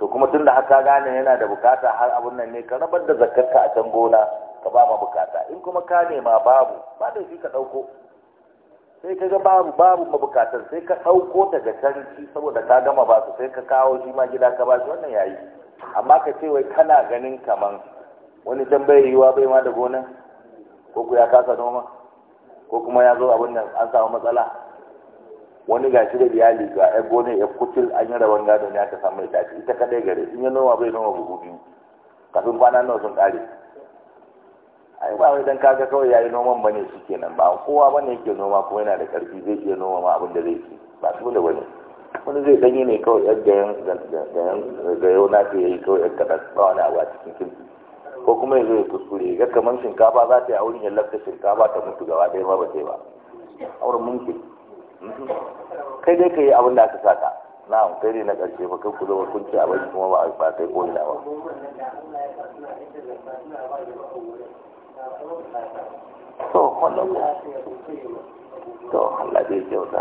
to kuma tunda haka gane yana da bukata har abun nan ne ka rabar da zakarka a can gona ka ba ma bukata in kuma ka nema babu ba da shi ka ɗauko sai ka ga babu babu ma bukatar sai ka ɗauko daga can shi saboda ka gama ba su sai ka kawo shi ma gida ka ba shi wannan yayi amma ka ce wai kana ganin kaman wani can bai yiwuwa bai ma da gonan ko ku ya kasa noma ko kuma ya zo abun nan an samu matsala wani gashi da biyali ga ya gona ya kutil an yi rawan gado ne aka samu ita ita kadai gare in yi noma bai noma buhu biyu kafin kwana nawa sun kare ai ba wai dan kaga kawai yayi noman bane kenan ba kowa bane yake noma kuma yana da karfi zai iya noma ma abin da zai ci ba dole bane wani zai danyi ne kawai yar yan da yau na ce yayi kawai yar kadan ba wani abu a cikin kirki ko kuma yanzu ya kuskure ga kamar shinkafa za ta yi a wurin ya lafta shinkafa ta mutu gaba ɗaya ma ba ta yi ba auren mumkin kai dai ka yi abin da aka saka na kai ne na ƙarshe ba kai ku zama kun ci abin kuma ba ba kai ko ina ba to wannan ko to Allah zai kyauta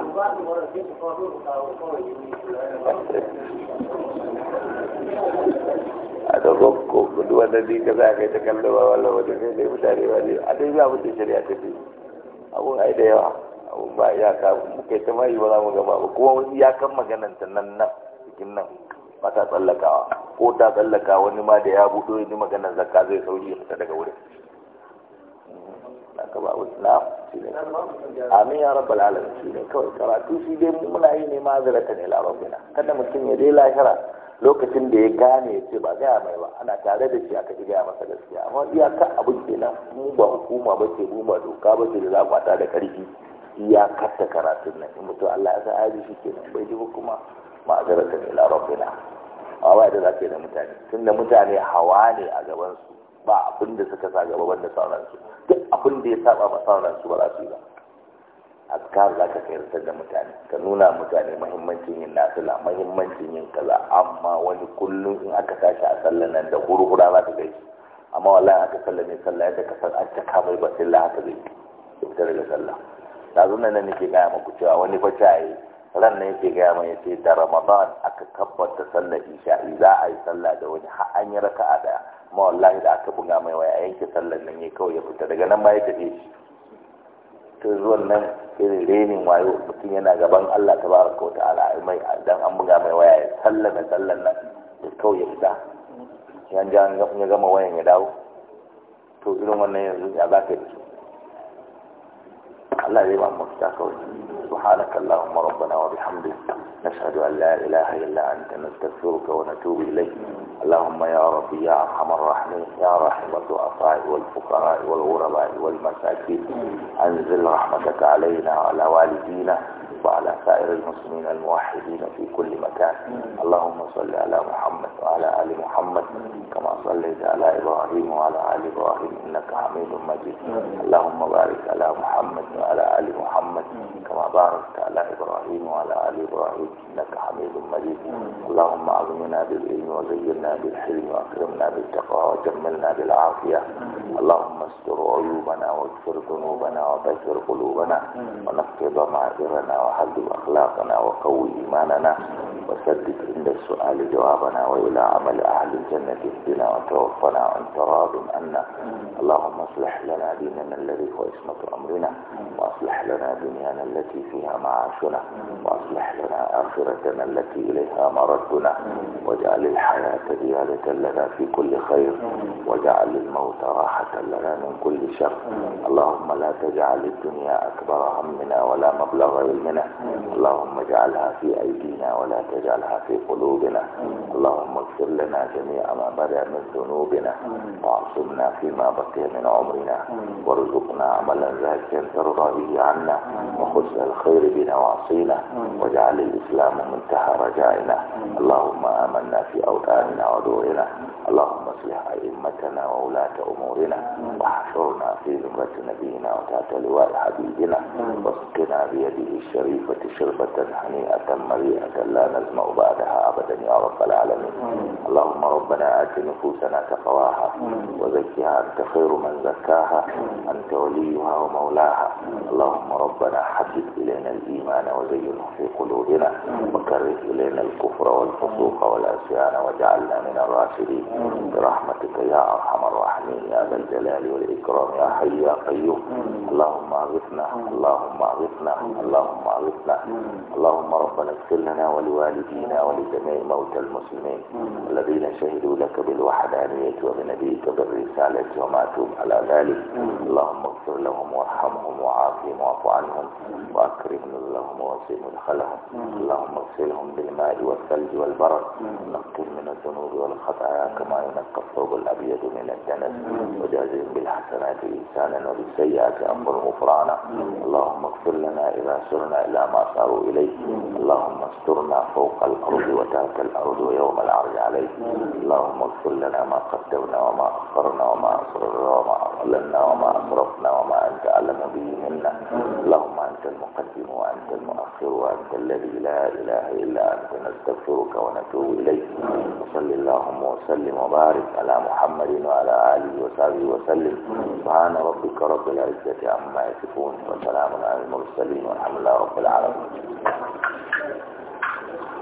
a da ko duk wanda ni ka za kai ta kallon ba wala wajen ne mutane ba ne a dai za mu ce shari'a ta fi abun ai da yawa ba ya iyaka muke ta mai ba za mu gama ba kuma wani kan maganan ta nan nan cikin nan ba ta tsallakawa ko ta tsallaka wani ma da ya buɗo ya ji maganar zakka zai sauri ya fita daga wurin ka ba wani na shi ne amin ya rabbal alamin shi ne kawai karatu shi dai muna yi ne ma'azara ta ne larabina kada mutum ya dai lahira lokacin da ya gane ya ce ba gaya mai ba ana tare da shi aka ji gaya masa gaskiya amma iyaka abin kenan mu ba hukuma ba ce mu ba doka ba ce da za a da karfi ya katta karatun nan mutu Allah ya sa aji shi ke nan bai ji kuma ma'azaratan ila rabbina ba ba da zake da mutane tun da mutane hawa ne a gaban su ba abin da suka sa gaba wanda sauran su duk abin da ya saba ba sauran su ba za su yi ba azkar za ka kayartar da mutane ka nuna mutane mahimmancin yin nasila mahimmancin yin kaza amma wani kullum in aka tashi a sallan nan da hurhura za ta gaishe amma wallahi aka sallame sallah yadda ka san an ta kamai basilla haka zai fita daga sallah dazu nan ke gaya muku cewa wani fa yi ran nan yake gaya mai yace da ramadan aka kabbata sallar isha za a yi sallah da wani har an yi raka'a daya amma wallahi da aka buga mai waya yanke sallar nan ya kawai ya fita daga nan ma ya tafi shi to zuwan nan irin renin wayo mutum yana gaban Allah tabaraka wa ta'ala mai dan an buga mai waya ya sallar da sallar nan ya kawai ya fita yan ja ya gama wayan ya dawo to irin wannan yanzu ya za ka yi لا يبقى مفتاحه سبحانك اللهم ربنا وبحمدك نشهد أن لا إله إلا أنت نستغفرك ونتوب إليك اللهم يا ربي يا أرحم الراحمين يا رحمة الضعفاء والفقراء والغرباء والمساكين أنزل رحمتك علينا وعلى والدينا وعلى سائر المسلمين الموحدين في كل مكان اللهم صل على محمد وعلى آل محمد كما صليت على إبراهيم وعلى آل إبراهيم إنك حميد مجيد اللهم بارك على محمد وعلى آل محمد كما باركت على إبراهيم وعلى آل إبراهيم إنك حميد مجيد اللهم أعظمنا بالعلم وزينا بالحلم وأكرمنا بالتقوى وجملنا بالعافية اللهم استر عيوبنا واغفر ذنوبنا وبشر قلوبنا ونقض ضمائرنا وحلم أخلاقنا وقوي إيماننا وسدد عند السؤال جوابنا وإلى عمل أهل الجنة اهدنا وتوفنا وأنت راض عنا اللهم اصلح لنا ديننا الذي هو عصمة أمرنا وأصلح لنا دنيانا التي فيها معاشنا وأصلح لنا آخرتنا التي إليها مردنا واجعل الحياة زيادة لنا في كل خير واجعل الموت راحة لنا من كل شر اللهم لا تجعل الدنيا أكبر همنا ولا مبلغ علمنا أعمالنا اللهم اجعلها في أيدينا ولا تجعلها في قلوبنا اللهم اغفر لنا جميع ما بدا من ذنوبنا وعصمنا فيما بقي من عمرنا وارزقنا عملا ذاكا ترضى به عنا وخذ الخير بنواصينا واجعل الإسلام منتهى رجائنا اللهم آمنا في أوطاننا ودورنا اللهم اصلح أئمتنا وولاة أمورنا وحشرنا في زمرة نبينا وتحت لواء حبيبنا واسقنا بيده الشر الشريفة شربة هنيئة مريئة لا نزمع بعدها أبدا يا رب العالمين اللهم ربنا آت نفوسنا تقواها وزكها أنت خير من زكاها أنت وليها ومولاها اللهم ربنا حبب إلينا الإيمان وزينه في قلوبنا وكره إلينا الكفر والفسوق والعصيان واجعلنا من الراشدين برحمتك يا أرحم الراحمين يا ذا الجلال والإكرام يا حي يا قيوم اللهم أغثنا اللهم أغثنا اللهم وعافنا اللهم ربنا اغفر لنا ولوالدينا ولجميع موتى المسلمين الذين شهدوا لك بالوحدانية وبنبيك بالرسالة وماتوا على ذلك اللهم اغفر لهم وارحمهم وعافهم واعف عنهم واكرم نزلهم ووسع مدخلهم اللهم اغسلهم بالماء والثلج والبرد نقهم من الذنوب والخطايا كما ينقى الثوب الابيض من الدنس وجازهم بالحسنات انسانا وبالسيئات امر غفرانا اللهم اغفر لنا اذا سرنا إلى ما صاروا إليه اللهم استرنا فوق الأرض وتحت الأرض ويوم العرض عليه اللهم اغفر لنا ما قدمنا وما أخرنا وما أسررنا وما أعلنا وما أسرفنا وما أنت أعلم به منا اللهم أنت المقدم وأنت المؤخر وأنت الذي لا إله إلا أنت نستغفرك ونتوب إليك وصل اللهم وسلم وبارك على محمد وعلى آله وصحبه وسلم سبحان ربك رب العزة عما يصفون وسلام على المرسلين والحمد لله رب رب العالمين